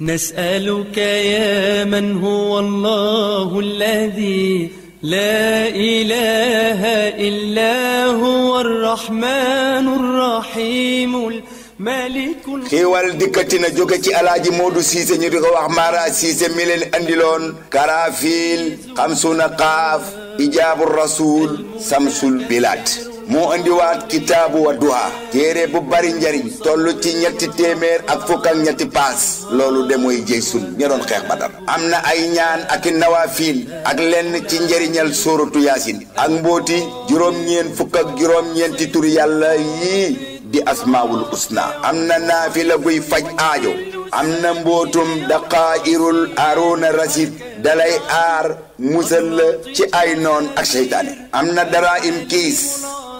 نسألك يا من هو الله الذي لا إله إلا هو الرحمن الرحيم الملك كي والدكتنا جوكتي على جمود سيسي نيري غواح مارا سيسي أندلون كرافيل خمسون قاف إجاب الرسول سمسول البلاد moo indiwaat kitaabu Wadduha téere bu bari njariñ toll ci ñetti téeméer ak fukk ñetti paas loolu de mooy jëy sun ña doon xeex Badar am na ay ñaan ak i ak lenn ci njariñal sóoratu yaasin ak mbóoti juróom-ñeen fukk juróom-ñeenti turi yàlla yii di asmaawul usna am na naafila buy faj aajo am na mbootum daqaayirul aruuna rasid dalay aar musal ci ay noon ak seytaane am na dara im kiis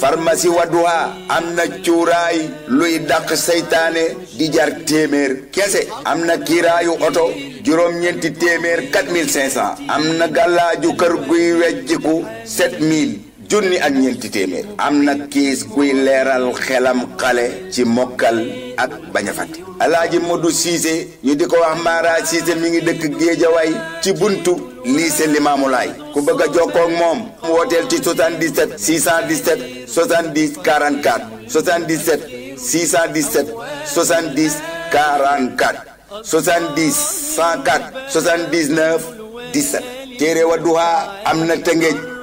pharmacie Wadduha am na cuuraay luy dàq seytaane di jar téeméer kese am na kiiraayu oto juróom-ñeenti téeméer 4500 am na gàllaaju kër guy wejjiku 7000 junni ak ñeenti téeméer am na kiis kuy leeral xelam xale ci mokkal ak bañ a fàtte alaaji Modou Cissé ñu di ko wax Mara Cissé mi ngi dëkk Géejawaay ci buntu lycée Limaamulaay ku bëgg a jokkoo ak moom mu wooteel ci 77 617 70 44 77 617 70 44 70 104 79 17 téere Wadduha am na tëngéej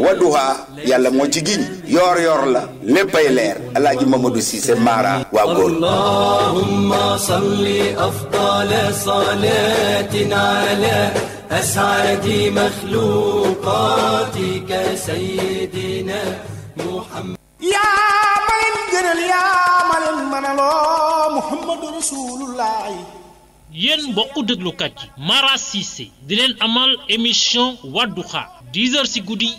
Wadduha yàlla moo ci giñ yor-yor la léppay leer El Hadj Mamadou Cissé Mara waa góor. Allahumma salli afdala salatin ala as'adi makhluqatika sayyidina Muhammad. yaa ma leen gënal yaa ma leen mënaloo Muhammadu Rasulullahi. yéen mbokku déglukat yi Mara Cissé di leen amal émission Wadduha 10 heures ci guddi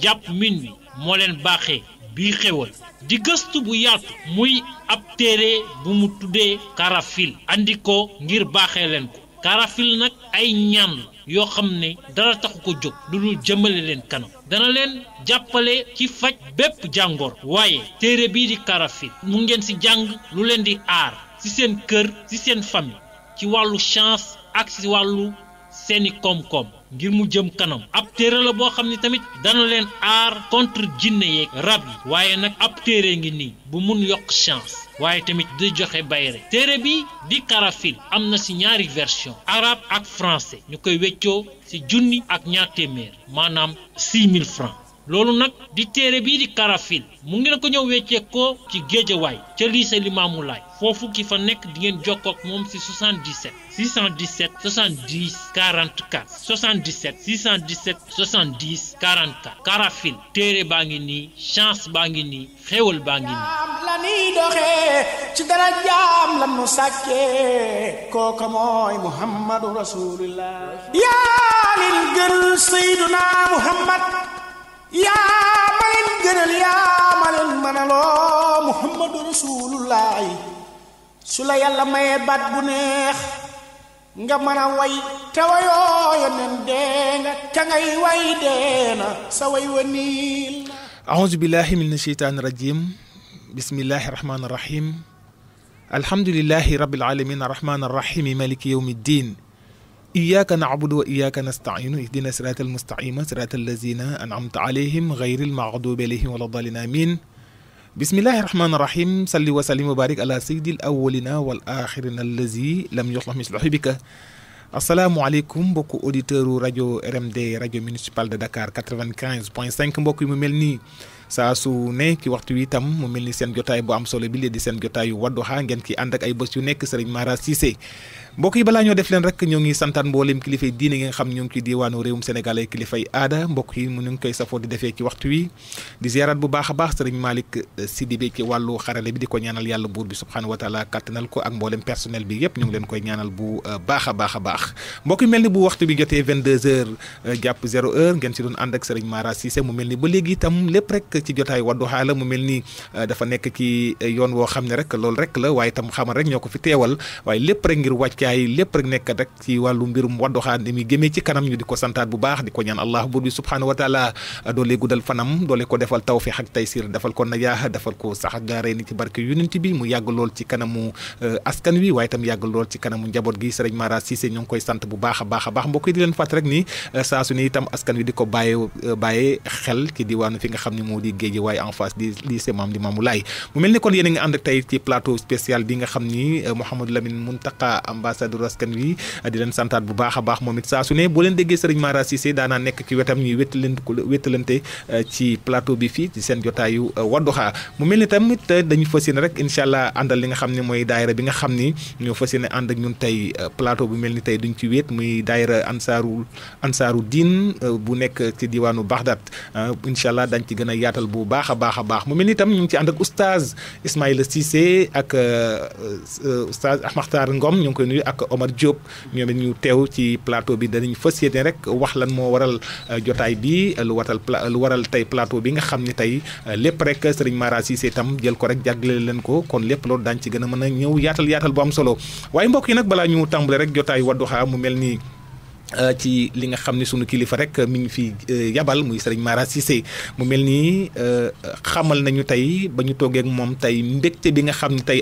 jàpp min mi moo leen baaxe bii xewal di gëstu bu yaatu muy ab téere bu mu tuddee karafil andi ngir baaxee leen ko karafil nag ay ñaan yoo xam ne dara taxu ko jóg lu dul jëmale leen kanam dana leen jàppale ci faj bépp jàngoor waaye téere bii di karafil mu ngeen si jàng lu leen di aar ci seen kër ci seen famille ci wàllu chance ak ci wàllu seeni koom-koom ngir mu jëm kanam ab téere la boo xam ne tamit dana leen aar contre jinne yeeg rab yi waaye nag ab téere ngi nii bu mun yokk chance waaye tamit di joxe bayre téere bi di karafil am na ci ñaari version arabe ak français ñu koy weccoo ci junni ak ñaar téeméer maanaam 6000 francs loolu nag di téere bii di karafil mu ngi na ko ñëw wecceekoo ci géejawaay ca lycée Limaamu Laay foofu ki fa nekk di ngeen jokkoo ak moom si 77 617 70 44 77 617 70 karafil téere baa ngi nii chance baa ngi nii xéewal baa ngi nii la niy ci dara jaam la nu sàkkee muhammadu rasulillah yaa lil gën sayduna muhammad yaa ma leen gënal yaa ma leen mënaloo muhammadu rasulullahi su la yàlla mayee baat bu neex nga mën a way te wayoo yoneen dee nga ka ngay way dee na sa way wa niil أعوذ بالله من الشيطان الرجيم بسم الله الرحمن الرحيم الحمد لله رب العالمين الرحمن الرحيم مالك يوم الدين إياك نعبد وإياك نستعين اهدنا صراط المستقيم صراط الذين أنعمت عليهم غير المغضوب عليهم ولا الضالين آمين بسم الله الرحمن الرحيم صلي وسلم وبارك على سيد الأولين والآخرين الذي لم يخلق مثله بك asalaamaaleykum mbokku auditeur u rajo RMD rajo municipal de Dakar 95 point 5 mbokk yi mu mel nii saa su ne ci waxtu wi itam mu mel ni seen jotaay bu am solo bi léegi di seen jotaayu Wadduha ngeen ki ànd ak ay bés yu nekk Serigne Mara Cissé mbokk yi balaa ñoo def leen rek ñoo ngi santaan mbooleem kilifay diine yi nga xam ñoo ngi ci diwaanu réewum Sénégal ay kilifay aada mbokk yi mu ñu ngi koy safoo di defee ci waxtu wi di ziaraat bu baax a baax sëriñ Malick eh, Sidibé xarale bi di ko ñaanal yàlla buur bi subhaanahu wa taala kàttanal ko ak mbooleem personnel bi yëpp ñu ngi leen koy ñaanal bu eh, baax a baax a baax mbokk yi mel ni bu waxtu bi jotee 22 heures eh, jàpp 0 heure ngeen si doon ànd ak sëriñ Mara Cissé mu mel ni ba léegi itam lépp rek ci jotaay Wadduha la mu mel ni dafa nekk ci yoon woo xam ne rek loolu rek la waaye itam xamal rek ñoo ko fi teewal jaay lépp rek nekkat rek ci wàllu mbirum wadduxaan ni muy gémee ci kanam ñu di ko santaat bu baax di ko ñaan allah buur bi subhaanahu wa taala doole guddal fanam doole ko defal tawfiq ak taysir defal ko najaax defal ko sax gaare ni ci barke yonent bi mu yàgg lool ci kanamu eh, askan wi waaye tam yàgg lool ci kanamu njaboot gi sëriñ Mara Cissé ñu koy sant bu baax a baax a mbokk yi di leen fàtt rek ni eh, saa su ne itam askan wi di ko bàyyee eh, a ambassadeur askan wi di leen santaat bu baax a baax moom it saa su ne boo leen déggee Serigne Mara Cissé daanaa nekk ci wetam ñuy wétaleen euh, ci plateau bi fii ci seen jotaayu euh, Wadduha mu mel ni tamit euh, dañu fas yéene rek incha allah àndal li nga xam ne mooy daayira bi nga xam ni ñoo fas yéene ànd ak ñun tey plateau bu mel ni tey duñ ci wéet muy daayira ansaaru ansaaru diin bu nekk ci diwaanu Baxdaad incha allah dañ ci gën a yaatal bu baax a baax a baax mu mel ni tam ñu ngi ci ànd ak oustaz Ismaïla Cissé ak oustaz Ahmakhtar Ngom ñu ngi koy nuyu ak Omar Diop ñoom ñu tew ci plateau bi dañu fassiyene rek wax lan moo waral euh, jotaay bi lu watal lu waral tey plateau bi nga xam ne tey euh, lépp rek Serigne Mara Cissé tam jël ko rek jàggale leen ko kon lépp lo daañ ci gën a mën a yaatal yaatal bu am solo waaye mbokk yi nag balaa ñu tàmbale rek jotaay Wadduha mu mel nii euh, ci li nga xamni sunu kilifa rek mi ngi fi yabal muy Serigne Mara Cissé mu melni xamal nañu tay bañu ñu ak mom tay mbégte bi nga xamni tay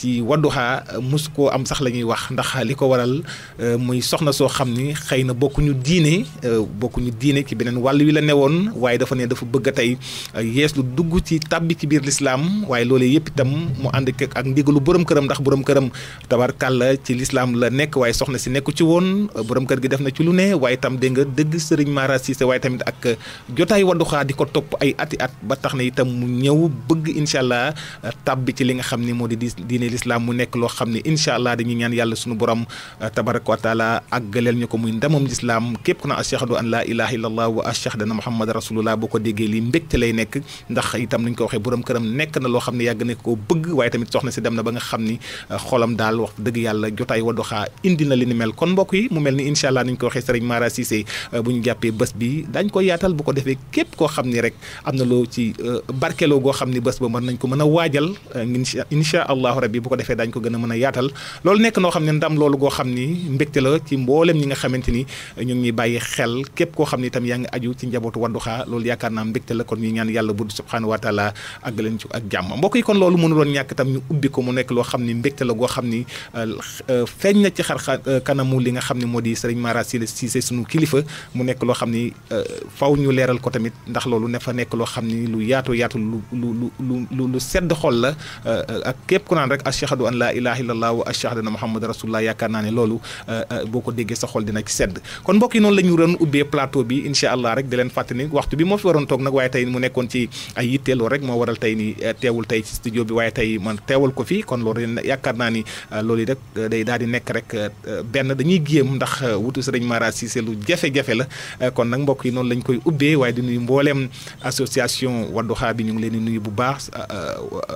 ci Wadduha mos koo am sax la ñuy wax ndax li ko waral euh, muy soxna soo xam ni xëy na bokkuñu diine euh, ñu diine ci beneen wàll wi la ne woon waaye dafa ne dafa bëgg a tey euh, yees lu dugg ci tàbbi ci biir lislaam waaye loole yëpp itam mu ànd ak ndigalu borom këram ndax borom këram tabarkàlla ci lislaam la nekk waaye soxna si nekku ci woon borom kër gi def na ci lu ne waaye itam dégg nga dëgg sëriñ Mara Cissé waaye tamit ak jotaay Wadduha di ko topp ay ati at ba tax na itam mu ñëw l'islam mu nekk loo xam ne incha allah dañuy ñaan yàlla suñu borom euh, tabaraka wa taala àggaleel ñu ko muy ndamam lislaam képp na ashhadu an laa ilaha illa wa ashhadu anna muhammad rasulullah boo ko déggee li mbégte lay nekk ndax itam nañ ko waxee borom këram nekk na loo xam ne yàgg na ko bëgg waaye tamit soxna si dem na ba nga xam ni euh, xolam daal wax dëgg yàlla jotaay Wadduha indi na li ni mel kon mbokk yi mu mel ni incha allah nañ ko waxee Serigne Mara euh, na loo ci barkeloo goo xam ni bés a bi bu ko defee daañu ko gën a mën a yaatal loolu nekk noo xam ne ndam loolu goo xam koo xam ne itam yaa ngi aju ci njabootu Wadduha loolu yaakaar naa mbégte la kon ñuy ñaan yàlla bu subhaanahu wa taala àgg leen ci ak jàmm mbokk yi kon loolu mënuloon ñàkk itam nekk loo xam euh, euh, li nga xam ne moo di Serigne Mara Cissé sunu kilifa mu nekk loo xam ni euh, faw ñu leeral ko tamit ndax loolu ne fa nekk loo xam ni lu yaatu yaatu lu lu lu lu sedd xol la ak képp ku naan rek rek ashhadu an la ilaha illallah wa ashhadu anna muhammadar rasulullah yakarna naa ne loolu boo ko sa xol dina ci sedd kon mbok yi non lañu reun ubbe plateau bi inshallah rek di leen waxtu bi mo fi waron tok nak waye tay mu nekkon ci ay yitte loolu rek mo waral tay ni tewul tay ci studio bi waye tay man tewul ko fi kon lolou yakarna ni lolou rek day daal di nekk rek ben dañuy géem ndax wutu serigne Mara Cissé lu jafe-jafe la kon nak mbok yi non lañ koy ubbe waye di nuyu mbollem association Wadduha bi ñu ngi leen di nuyu bu baax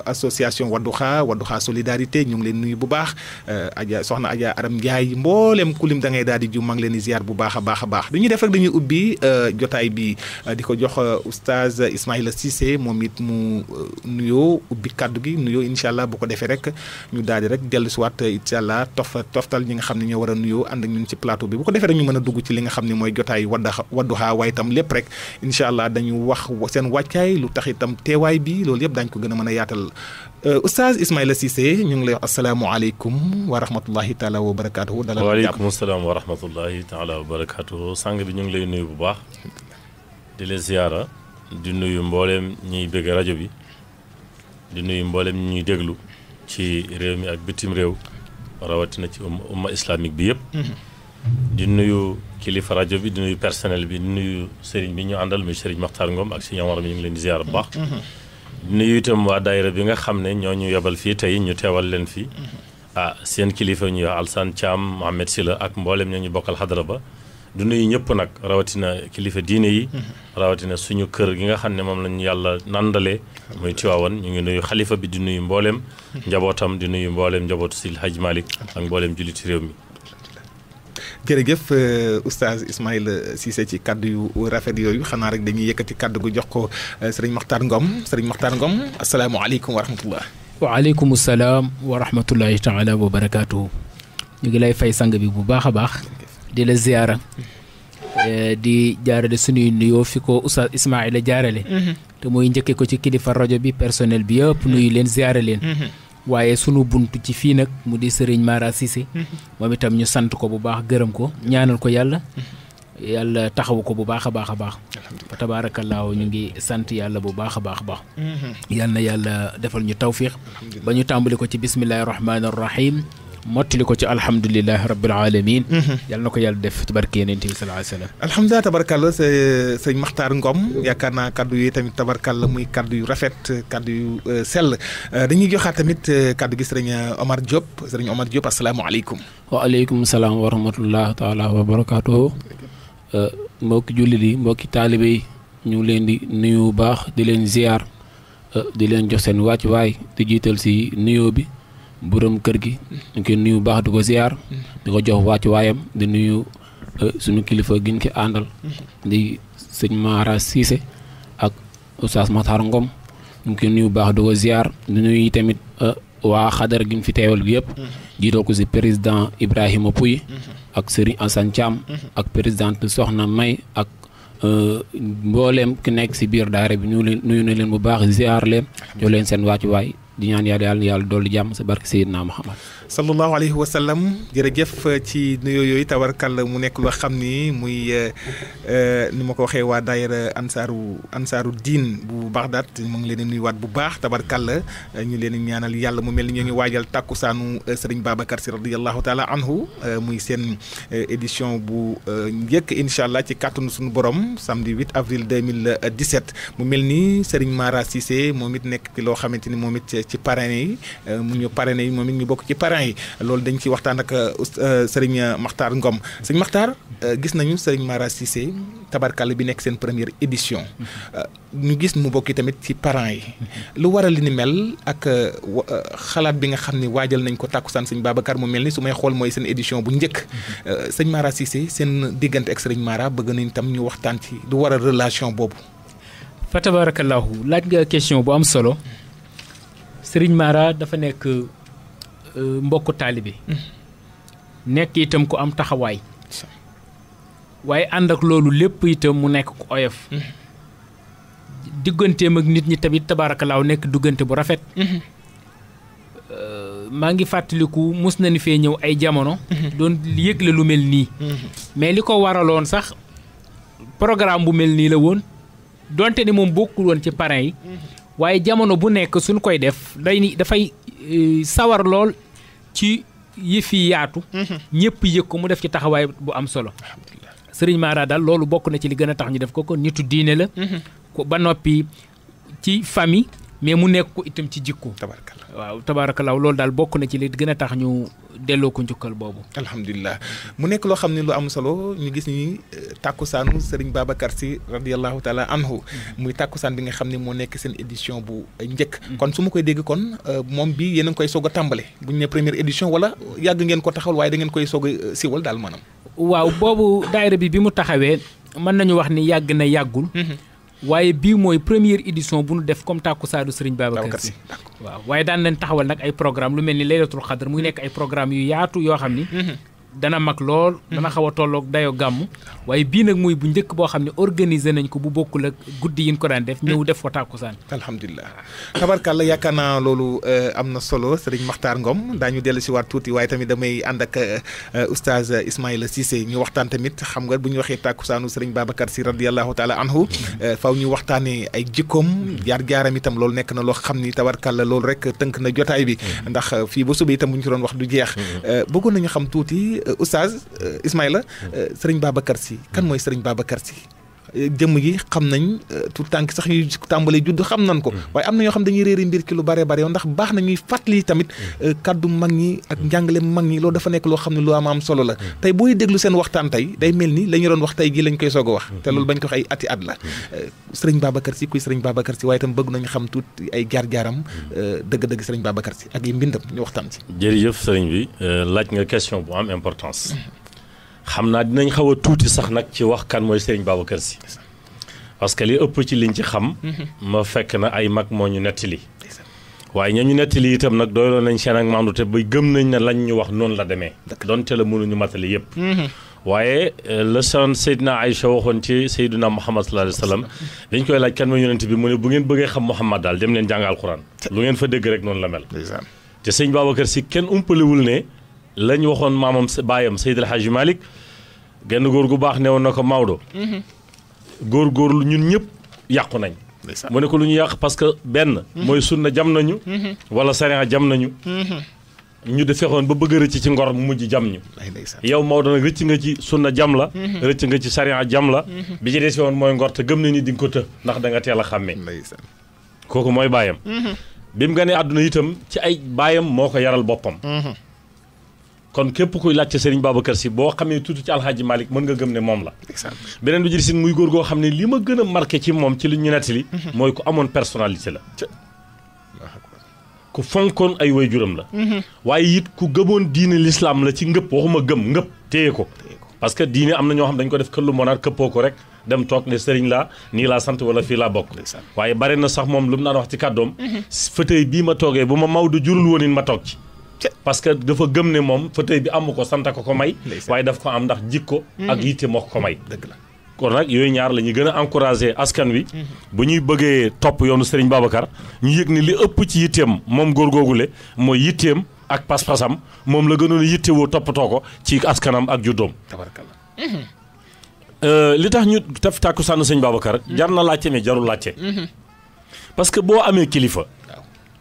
association Wadduha Wadduha solidarité ñu ngi leen nuyu bu baax euh, Adja soxna Adja Aram Ndiaye mboolem kulim da ngay daal di ju maa leen di ziar bu baax a baax a baax dañuy def rek dañuy ubbi euh, jotaay bi di ko jox euh, oustaz Ismaïla Cissé moom it mu nuyoo ubbi kaddu gi nuyoo incha allah bu ko defee rek ñu daal di rek dellusiwaat incha allah tof toftal ñi nga xam ne ñoo war a nuyoo ànd ñun ci plateau bi bu ko defee rek ñu mën a dugg ci li nga xam ne mooy jotaay wadduha wadduha waaye itam lépp rek incha allah dañu wax seen wàccaay lu tax itam teewaay bi loolu yëpp dañ ko gën a mën a yaatal Oustaz Ismaïla Cissé ñu ngi lay wax asalaamualeykum wa rahmatullahi taala wa barakaatu. dalal waaleykum salaam wa rahmatullahi taala wa barakaatu sang bi ñu ngi lay nuyu bu baax. di la ziyaara di nuyu mbooleem ñuy bëgg rajo bi di nuyu mbooleem ñuy déglu ci réew mi ak bitim réew rawatina ci umma islamique bi yëpp. di nuyu kilifa rajo bi di nuyu personnel bi di nuyu Serigne bi ñu àndal muy Serigne Makhtar Ngom ak Serigne Amar mi ñu ngi leen di ziyaara bu baax. nuyu itam waa daayira bi nga xam ne ñoo ñu yebal fii tey ñu teewal leen fii mhm. ah seen kilifa ñuy wax Alsaan Thiam si la ak mboolem ñoo ñu bokkal xadara ba du nuyu ñëpp nag rawatina kilifa diine yi. Mhm. rawatina suñu kër gi nga xam ne moom lañu yàlla nandalee. muy Tiwaawan ñu ngi nuyu xalifa bi di nuyu mbooleem. Mhm. njabootam di nuyu mbooleem njabootu si Haj malik ak mbooleem jullit réew mi. a jërëjëf euh, oustaz Ismaïla euh, Cissé ci kaddu yu rafet yooyu xanaa rek dañuy yëkkati kaddu gu jox ko euh, sëriñ Makhtar Ngom sëriñ Makhtar Ngom asalaamualeykum wa rahmatullah. waaleykum salaam wa rahmatullahi taala wa ñu ngi lay fay sang bi bu baax a baax. di la ziyaara. di jaarale suñuy nuyoo fi ko oustaz Ismaïla jaarale. Mm-hmm. te mooy njëkkee ko ci kilifa rajo bi personnel bi yëpp nuyu leen ziyaara leen. Mm-hmm. waaye sunu bunt ci fii nag mu di sëriñ Mara Cissé mm-hmm. moom itam ñu sant ko bu baax gërëm ko mm-hmm. ñaanal ko yàlla mm-hmm. yàlla taxawu ko bu baax a baax a baax tabaarakallaahu ñu ngi sant yàlla bu baax a baax a baax yàlla defal ñu tawfiix ba ñu tàmbali ko ci bismillaahi rahmaani rahim mottali ko ci alhamdulilah rabbil alamin mhm. yal na ko yàlla def ci barke yeneen bi sallallahu alayhi wa sallam alhamdulilah tabarkalla sa sëñ Makhtar Ngom yaakaar naa kaddu yi tamit tabarkalla muy kaddu yu rafet kaddu yu euh, sel euh, dañuy joxaat tamit euh, kaddu gi sëriñ Omar Diop sëriñ Omar Diop asalaamaaleykum waaleykum salaam wa rahmatullah taala wa barakatuhu mbokki jullit yi mbokki taalibe yi ñu ngi leen di nuyu bu baax di leen ziar di leen jox seen wàcc waay di jiital si nuyoo bi borom kër gi ñu koy nuyu baax di ko ziar di ko jox wàccu waayam di nuyu eh, suñu kilifa giñ ko àndal di sëñ Mara Cissé ak Oustaz Matar Ngom ñu ngi koy nuyu baax di ko ziar di nuyu tamit eh, waa xadar gi ñu fi teewal gi yëpp jiitoo ko si président Ibrahima Pouy ak Serigne Assane ak présidente Soxna May ak eh, mbooleem ki nekk si biir daara bi ñu nuyu ne leen bu baax ziar leen jox leen seen wàccu waay di ñaan yàlla yàlla na yàlla dolli jàmm sa barke Seydina Muhammad sallallahu alayhi wa sallam jërëjëf ci nuyo yooyu tawarkal mu nekk loo xam ni muy eh, eh, ni ma ko waxee waa daayira ansaaru ansaaru diin bu Bagdad mu ngi leen di nuyuwaat bu baax tawarkal ñu leen ñaanal yàlla mu mel ni ñoo ngi waajal tàkkusaanu eh, sëriñ Babacar si taala anhu muy seen édition bu njëkk incha allah ci kàttanu suñu borom samedi 8 avril 2017 mu mel ni sëriñ Mara Cissé moom it nekk ci loo xamante ni moom it ci parrain yi mu ñu parrain yi moom ñu bokk ci parrain yi loolu dañ ci waxtaan ak euh, euh, Serigne Makhtar Ngom Serigne Makhtar euh, gis nañu Serigne Mara Cissé tabarkàlla bi nekk seen première édition ñu gis mu bokki tamit ci parents yi lu waral li ni mel ak xalaat bi nga xam ne waajal nañ ko tàkkusaan Serigne Babacar mu mel ni su may xool mooy seen édition bu njëkk mhm. sëñ Mara Cissé seen diggante ak Serigne Mara bëgg nañ tam ñu waxtaan ci lu waral relation boobu. fa tabarakallahu laaj nga question bu am solo Serigne Mara dafa nekk. Euh, mbokk taalibe hmm. nekk itam ku am taxawaay waaye ànd ak loolu lépp itam mu nekk ko oyof hmm. digganteem ak nit ñi tamit tabaarakalaaw nekk diggante bu rafet hmm. euh, maa ngi fàttaliku mos na ni fee ñëw ay jamono doon yëgle lu mel nii mais li ko waraloon sax programme bu mel nii la woon donte ni moom bokkul woon ci parrain yi waaye jamono bu nekk suñ koy def day dafay euh, sawar lool ci yëfi yaatu. Mhm. ñëpp yëg ko mu def ci taxawaay bu am solo. sëriñ Mara loolu bokk na ci li gën a tax ñu def ko kon nitu diine la. Mhm. ko ba noppi ci famille mais mu nekk ko itam ci jikko. tabarkalla waaw tabaarakallaaw loolu daal bokk na ci li gën a tax ñu delloo ko njukkal boobu. alhamdulilah mu nekk loo xam ne lu am solo ñu gis ni eh, tàkkusaanu Serigne Babacar Sy radiyallahu taala anhu mm-hmm. muy tàkkusaan bi nga xam ne moo nekk seen édition bu njëkk. Mm-hmm. kon su ma koy dégg kon eh, moom bi yéen a ngi koy soog a tàmbale bu ñu ne première édition wala yàgg ngeen ko taxawal waaye da ngeen koy soog a eh, siwal daal maanaam. waaw boobu daayira bi bi mu taxawee mën nañu wax ni yàgg na yàggul. Mm-hmm. waaye bii mooy première édition bu nu def comme tàkkusaanu Serigne Babacar Sy waaw waaye daan leen taxawal nag ay programme lu mel ni laylatul xadar muy nekk ay programme yu yaatu yoo xam ni mm-hmm. dana mag lool dana xaw a tolloog dayoo gàmm waaye bii nag mooy bu njëkk boo xam ne organiser nañ ko bu bokkul ak guddi yi ñu ko daan def ñëw def ko tàkkusaan alhamdulilah tabarkàlla yaakaar naa loolu am na solo sëriñ Makhtar Ngom daañu dellu si waat tuuti waaye tamit damay ànd ak oustaz Ismaïla Cissé ñu waxtaan tamit xam nga bu ñu waxee tàkkusaanu sëriñ Babacar si radiallahu taala anhu faw ñu waxtaanee ay jikkoom jaar-jaaram itam loolu nekk na loo xam ni tabarkàlla loolu rek tënk na jotaay bi ndax fii ba suba itam bu ñu ko doon wax du jeex bëggoon nañu xam tuuti oustaz euh, Ismaïla euh, sëriñ Babacar Sy kan mooy sëriñ Babacar Sy jëm yi xam nañ euh, tout tànk sax yu tàmbalee judd xam nañ ko mm. waaye am na ñoo xam dañuy réeri mbir ci lu bare bare yow ndax baax na ñuy fàttali tamit mm. euh, kàddu mag ñi ak mm. njàngale mag ñi loolu dafa nekk loo xam ne lu am am solo la tey booy déglu seen waxtaan tey day mel ni la ñu doon wax tey gi lañ koy soog a wax te loolu bañ ko wax ati at la euh, sëriñ Babacar Si kuy sëriñ Babacar Si waaye tam bëgg nañu xam tuut ay jaar-jaaram dëgg-dëgg sëriñ Babacar Si ak yi mbindam ñu waxtaan si ci jërëjëf sëriñ bi laaj nga question bu am importance xam naa dinañ xaw tuuti sax nag ci wax kan mooy Serigne Babacar Sy parce que li ëpp ci liñ ci xam mhm. ma fekk na ay mag moo ñu nettali waaye ña ñu nettali itam nag doyloo nañ seen ak maandu te ba gëm nañ ne lañ ñu wax noonu la demee donte la mënuñu matali yëpp mhm. waaye euh, la son Seydina Aïcha waxoon ci Seydina Muhammad sallallahu alayhi wa sallam dañ koy laaj kan mooy yonent bi mu ne bu ngeen bëggee xam Muhammad daal dem leen jàng alxuraan lu ngeen fa dégg rek noonu la mel te sëñ Babacar Sy kenn umpalewul ne lañ waxoon maamam baayam Seydi El Hadji Malick genn góor gu baax ne woon na ko Maodo. góor góorlu ñun ñëpp yàqu nañ. mu ne ko lu ñu yàq parce que benn. mooy sunna jam nañu. wala sariya jam nañu. ñu di fexoon ba bëgg a rëcc ci ngor mu mujj jam ñu. yow mawdo nag rëcc nga ci sunna jam la. rëcc nga ci sariya jam la. bi ci des woon mooy ngor te gëm na ni di nga ko të ndax da nga teel a xàmmee. kooku mooy baayam. bi mu gënee àdduna itam ci ay baayam moo ko yaral boppam. kon képp kuy laajte Serigne Babacar Sy boo xamee tuuti ci alxaaji Malick mën nga gëm ne moom la beneen bi jëri muy góor goo xam ne li ma gën a marqué ci moom ci li ñu nettali mhm. mooy ku amoon personnalité la ku fonkoon ay waajuram la mhm. waaye it ku gëmoon diine lislaam la ci ngëpp waxuma gëm ngëpp téye ko parce que diine am na ñoo xam dañ ko def këllu monaar këppoo ko rek dem toog ne sëriñ laa nii laa sant wala fii laa bokk waaye bare na sax moom lu mu naan wax ci kàddoom mhm. fauteuil bii ma toogee bu ma Maodo jurul woon ma toog ci parce que dafa gëm ne moom fauteuil bi amu ko sant ko ko may. waaye daf ko am ndax jikko ak mhm. yitte moo ko may. dëgg la kon nag yooyu ñaar la ñuy gën a askan wi. Mhm. bu ñuy bëggee topp yoonu Serigne Babacar. ñu yëg ni li ëpp ci yitteem moom góor googule mooy yitteem ak pas-pasam moom la gënoon a yittewoo toppatoo ko ci askanam ak juddoom. tabarkalla. Mhm. Euh, li tax ñu taf tàkku sànn sëñ Babacar. jar na laajte mais jarul laajte. parce que boo amee kilifa.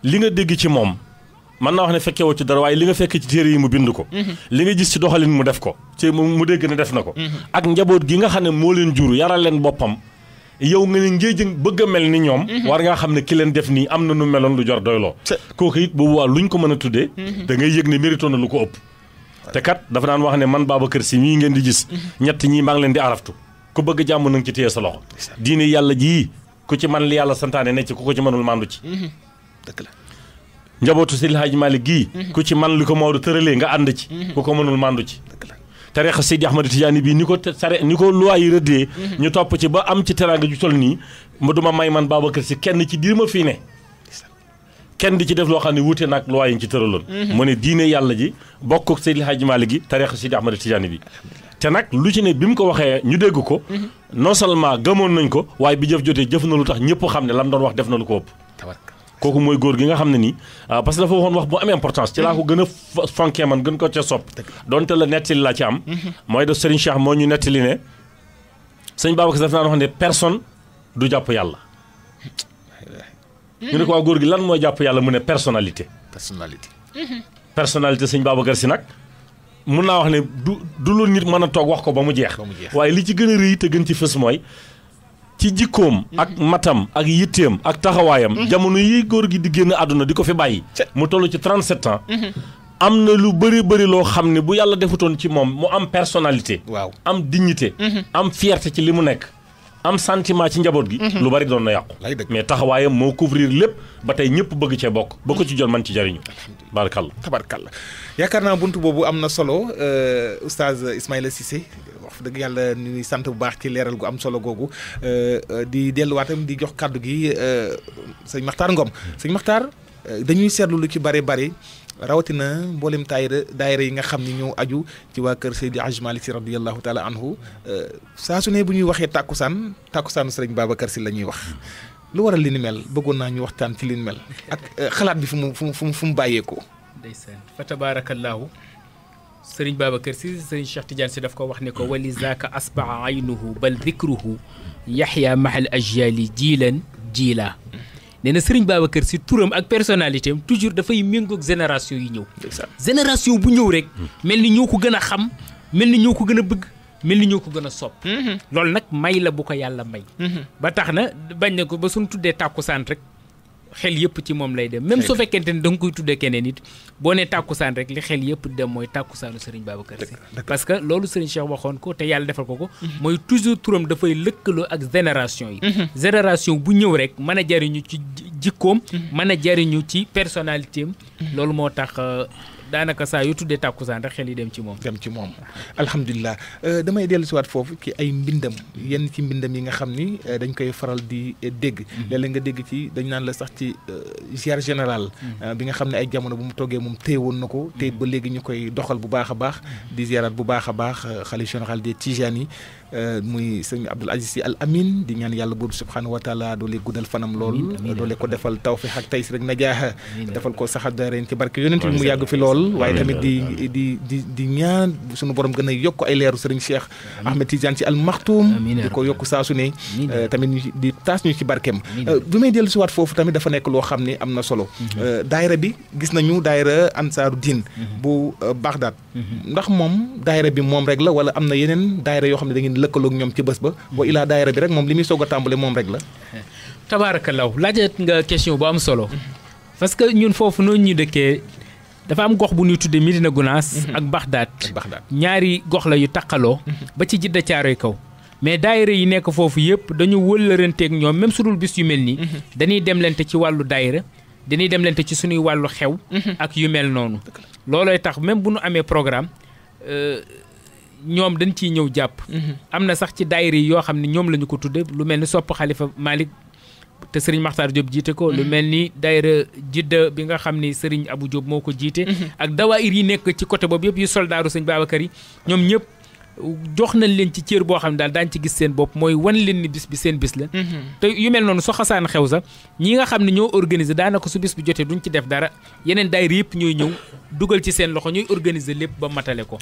li nga dégg ci moom. mën na wax ne fekkee woo ci dara waaye li nga fekk ci téere yi mu bind ko mhm. li nga gis ci doxalin mu def ko ci mu dégg ne def na ko mhm. ak njaboot gi nga xam ne moo leen jur yaral leen boppam yow nga ne ngéej bëgg mel ni ñoom mhm. war ngaa xam ne ki leen def nii am na nu meloon lu jor doyloo kooku it boobu waa luñ ko mën a tuddee da ngay yëg ne mérito na lu ko ëpp te kat dafa daan wax ne man Babacar si mii ngeen di gis ñett ñii maa ngi leen di araftu ku bëgg jàmm na nga ci téye loxo diine yàlla jii ku ci man li yàlla santaane ne ci ko ci mënul mandu ci dëgg la njabootu Seydi El Hadji gi gii mhm. ku ci man li ko Maodo tëralee nga ànd ci mhm. ku ko mënul màndu ci tarixa Seydi Ahmad Tidiane bii ni ko sare ni ko loi yi rëddee mhm. ñu topp ci ba am ci teraanga ju toll nii ma may man Babacar Si kenn ci diir ma fii kenn di ci def loo xam ne wuute nag loi yi ñu ci tëraloon mu ne diine yàlla ji bokk Seydi El Hadji Malick gi tarixa Seydi Ahmad Tidiane bi te nag lu ci ne bi mu ko waxee ñu dégg ko non seulement gëmoon nañ ko waaye bi jëf jotee jëf na lu tax ñëpp xam ne lam doon wax def na lu ko ëpp kooku mooy góor gi nga xam ne nii ah, parce que dafa wax bu amee importance ci laa ko gën fonkee man gën ko ca sopp donte la nettali laa ci am mhm. mooy def Serigne Cheikh moo ñu nettali ne sëñ Babacar dafa naan wax ne du jàpp yàlla mhm. ñu ne ko góor gi lan mooy jàpp yàlla mu ne personnalité personnalité mhm. personnalité sëñ Babacar si nag mun naa wax ne du du lu nit mën a toog wax ko ba mu jeex waaye li ci gën a rëy te gën ci fës mooy ci jikkoom ak matam ak yitteem ak taxawaayam mhm. jamono yi góor gi di génn àdduna di ko fi bàyyi mu toll ci 37 ans mhm. am na lu bëri bëri loo xam ne bu yàlla defutoon ci moom mu am personnalité waaw am dignité mhm. am fierté ci li mu nekk am sentiment ci njaboot gi lu bari doon na yàqu mais taxawaayam moo couvrir lépp ba tey ñëpp bëgg cee bokk ba ko ci jot man ci jariñu barkalla tabarkalla yaakaar naa bunt boobu am na solo euh, oustaz Ismaïla Cissé dëgg yàlla ñu sant bu baax ci leeral gu am solo googu euh, euh, di delluwaatam di jox kàddu gi euh, sëñ Maxtaar Ngom sëñ Maxtaar dañuy seetlu lu ci bari bari rawatina mboolem taayira daayira yi nga xam ni ñoo aju ci waa kër Seydi Hadji Malick Sy radiyallahu taala anhu saa su ne bu ñuy waxee tàkkusaan tàkkusaanu sëriñ Babacar Sy la ñuy wax lu waral li ni mel bëggoon naa ñu waxtaan ci li mel ak xalaat bi fu mu fu mu fu mu bàyyeekoo. sëriñ Babacar si sëriñ Cheikh Tidiane si daf ko wax ne ko wali zaaka aynuhu bal dikruhu yaxya mahal ajyali jiilan jiila nee na Babacar si turam ak personnalité am toujours dafay méngoog génération yi ñëw génération bu ñëw rek mel ni ñoo a xam mel ni ñoo a bëgg mel ni ñoo ko gën a sopp loolu nag may la bu ko yàlla may ba tax na bañ na ko ba suñ tuddee tàkkusaan rek xel yëpp ci lay dem même su fekkente ne da koy tuddee keneen it boo ne rek li parce que loolu Serigne Cheikh waxoon ko te yàlla defal ko ko mhm. toujours turam dafay lëkkaloo ak génération yi mhm. génération bu ñëw rek mën jariñu ci jikkoom mhm. mën jariñu ci personnalité loolu tax euh, daanaka saa yu tuddee tàkkusaan rek xel yi dem ci moom. dem ci moom alhamdulilah euh, damay dellu siwaat foofu ci ay mbindam yenn ci mbindam yi nga xam ni euh, dañ koy faral di euh, dégg. Mhm. léeg-léeg nga dégg ci dañ naan la sax ci ziar général. Mhm. bi nga xam ne ay jamono bu mu toggee moom téye woon na ko. Mhm. te ba léegi ñu koy doxal bu baax a baax. di ziaraat bu baax a baax xalifa général des Tijaani yi muy sëñ Abdoul Aziz Al Amin di ñaan yàlla buur subhanahu wa taala doole guddal fanam lool doole ko defal tawfiq ak taysir ak najaaxa defal ko saxaat ren ci barke yonent mu yàgg fi lool waaye tamit di di di ñaan suñu borom gën a ay leeru sëriñ Cheikh Ahmed Tidiane Sy Al Maktoum di ko yokk saa su ne tamit di taas ñu ci barkeem bi may dellu si waat foofu tamit dafa nekk loo xam ne solo daayira bi gis nañu daayira ansaaru bu baghdad ndax moom daayira bi moom rek la wala am na yeneen daayira yoo da ngeen lëkkaloog ñoom ci bés ba wa mhm. ilaa daayira bi rek moom li muy soog a tàmbale moom rek la tabaarakallaaw laajat nga question bu am solo mhm. parce que ñun foofu noonu ñu dëkkee dafa am gox bu ñuy tuddee Medina Gunaas mhm. ak Baxdaat ñaari gox la yu taqaloo ba ci jidda caaroy kaw mais daayira yi nekk foofu yëpp dañu wëllaranteeg ñoom même su dul bis yu mel nii dañuy demlante ci wàllu daayira dañuy demlante ci suñuy wàllu xew ak yu mel noonu loolooy tax même bu ñu ñoom dañ ciy ñëw jàpp. Mhm. am na sax ci daayira yoo xam ne ñoom lañu ko tudde lu mel ni sopp xalifa Malick te Serigne Makhtar Diop jiite ko. lu mhm. mel ni dayre jidda bi nga xam ni Serigne abu Diop moo ko jiite. Mhm. ak dawaayir yi nekk ci côté boobu yëpp yu soldaaru sëñ kër yi ñoom ñëpp jox nañ leen ci cër boo xam ne daal daañu ci gis seen bopp mooy wan leen ni bis bi seen bis la. Mhm. te yu mel noonu soo xasaan xew sa ñi nga xam ne ñoo organiser daanaka su bis bi jotee duñ ci def dara yeneen daayira yëpp ñooy ñëw dugal ci seen loxo ñuy organiser lépp ba matale ko.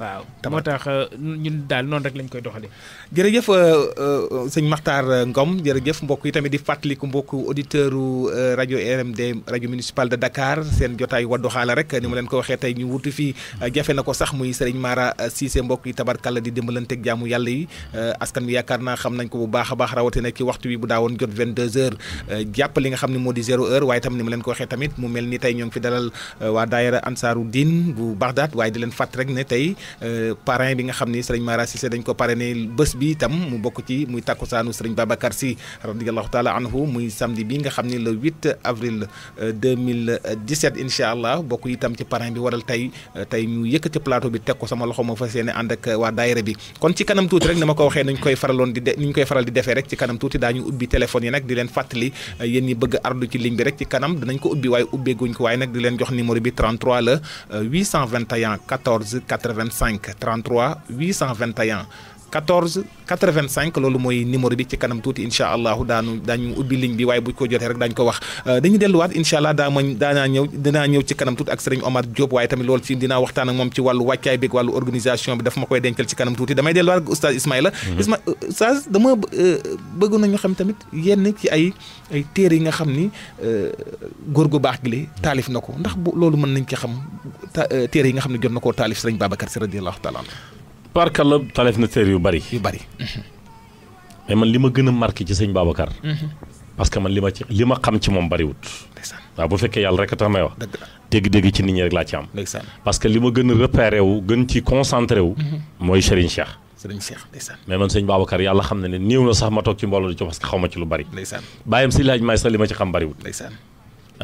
waaw moo tax euh, ñun daal noonu rek lañ koy doxalee. jërëjëf euh, euh, sëñ Makhtar Ngom jërëjëf mbokk yi tamit di fàttaliku mbokku auditeur rajo RMD rajo municipal de Dakar seen jotaay Wadduha la rek ni ma leen ko waxee tey ñu wutu fii jafe na ko sax muy Serigne Mara Cissé mbokk yi tubaarkàlla di dimbalanteeg jaamu yàlla yi euh, askan wi yaakaar naa xam nañ ko bu baax a baax rawatina ci waxtu bi bu daawoon jot 22 euh, jàpp li nga xam ne moo di heure waaye tam ni ma leen ko waxee tamit mu mel ni tey ñoo ngi fi dalal euh, waa daayira ansaaru diin bu Bagdad waaye di leen fàtt rek ne tey parrain bi nga xam ni sëriñ Mara Cissé dañ ko parrainé bés bi itam mu bokk ci muy tàkkusaanu sëriñ Babacar Sy radiallahu taala anhu muy samedi bi nga xam ne le waa daayira bi kon ci kanam tuuti rek na ma ko waxee nuñ koy faraloon di de nuñ koy faral di defee rek ci kanam tuuti daañu ubbi téléphone yi nag di leen fàttali euh, yéen ñi bëgg ardu ci ligne rek ci kanam danañ ko ubbi waaye ubbeeguñ ko waaye nag di leen jox numéro bi 33 la 821 14 85 33 821 14 85 loolu mooy numéro bi ci kanam tuuti incha allahu daanu daañu ubbi ligne bi waaye bu ko jotee rek dañ ko wax euh, dañu delluwaat incha allah daa mañ daanaa ñëw dinaa ñëw ci kanam tuuti ak sëriñ Omar Diop waaye tamit loolu ci dinaa waxtaan ak moom ci wàllu wàccaay beeg wàllu organisation bi daf ma koy dencal ci kanam tuuti damay delluwaat ak oustaz Ismaïla mhm. Isma euh, oustaz dama euh, bëgg nañu xam tamit yenn ci ay ay téere yi nga xam ni góor gu baax gi le na ko ndax bu loolu mën nañ ko xam téere yi nga xam ne jot na koo taalif sëriñ Babacar Si radiallahu taala tubaarkàlla taalif na téere yu bari yu bari. mais man li ma gën a marqué ci sëñ Babacar. parce que man li ma ci li ma xam ci moom bariwut. waaw bu fekkee yàlla a tax may wax. dégg-dégg ci nit ñi rek laa ci am. parce que li ma gën a repéré wu gën ci concentré wu. mooy Serigne Cheikh. Serigne Cheikh mais man sëñ Babacar yàlla xam na ne néew na sax ma toog ci mbooloo di ci parce xaw ma ci lu bari. ndeysaan bàyyam si laaj maay sax li ma ci xam bariwut.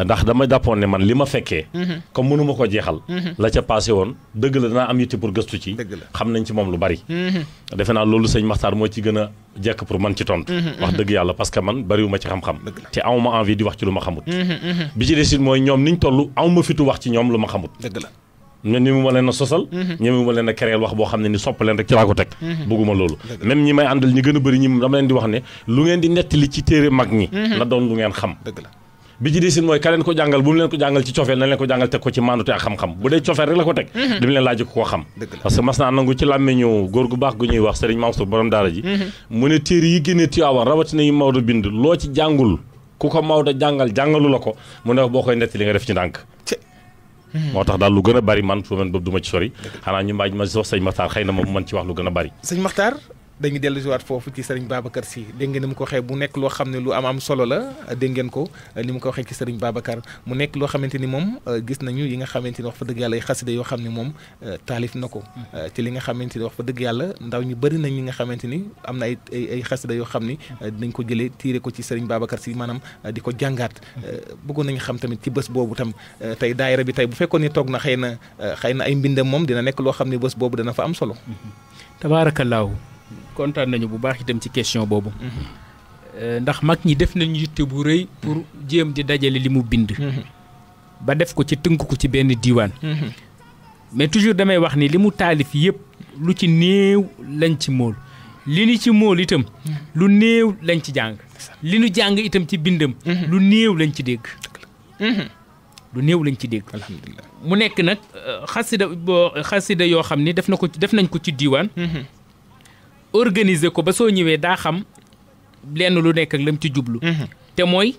ndax dama jàppoon ne man li ma fekkee. Mhm. comme mënu ma ko jeexal. Mhm. la ca passé woon dëgg la danaa am yitte pour gëstu ci. xam nañ ci moom lu bari. Mhm. defe naa loolu sëñ Maxtaar moo ci gën a jekk pour man ci tontu. wax dëgg yàlla parce man bariwuma ci xam-xam. te awma envie di wax ci lu ma xamut. bi ci des it mooy ñoom niñ toll awma fitu wax ci ñoom lu ma xamut. dëgg la. ñoom ma leen a sosal. ñoom ma leen a kereel wax boo xam ne ni sopp leen rek ci laa ko teg. bëgguma a bi ci desin mooy ka ko jàngal bu mu leen ko jàngal ci cofeel na leen ko jàngal teg ko ci maandute ak xam-xam bu dee cofeel rek la ko teg dem mhm. leen laaj ko koo xam parce que nangu ci làmmiñu góor gu baax gu ñuy wax Serigne Mansour borom daara ji mhm. mu ne téere yi génne Tiwaawan rawatina yu Maodo bind loo ci jàngul ku ko Maodo jàngal jàngalu la ko mu ne boo koy nett li nga def ci ndànk mhm. moo tax daal lu gën a bari man fu man boobu du ma ci sori xanaa ñu mbaaj ma wax sëñ Maxtaar xëy na moom mën ci wax lu gën a bari sëñ Maxtaar dañu dellu waat foofu ci sëriñ Babacar si dégg ngeen ni mu ko waxee bu nekk loo xam ne lu am am solo la dégg ngeen ko ni mu ko waxee ci sëriñ Babacar mu nekk loo xamante ni moom euh, gis nañu yi nga xamante ni wax fa dëgg yàlla ay xasida yoo xam ne moom euh, na ko euh, ci li nga xamante ni wax fa dëgg yàlla ndaw ñu bëri nañ ñi nga xamante ni am na ay ay xasida yoo xam ni dinañ ko jëlee tiire ko ci sëriñ Babacar si maanaam di ko jàngaat bëggoon nañu xam tamit ci bés boobu tam tey daayira bi tey bu fekkoon ni toog na xëy na xëy na ay mbindam moom dina nekk loo xam ne bés boobu dana am solo kontaan nañu bu baax itam ci question boobu. Mhm. Euh, ndax mag ñi def nañu yitte bu rëy pour mhm. jéem di dajale li mu bind. Mhm. ba def ko ci tënk ko ci benn diiwaan. mais toujours damay wax ni li mu taalif yëpp lu ci néew lañ ci mool li ñu ci mool itam. lu néew lañ ci jàng. li ñu jàng itam ci bindam. lu néew lañ ci dégg. lu néew lañ ci dégg. alhamdulilah mu nekk nag euh, xasida boo xasida yoo xam ni def na ko def nañ ko ci diiwaan. organiser ko ba soo ñëwee daa xam lenn lu nekk ak lam ci jublu. Mhm. te mooy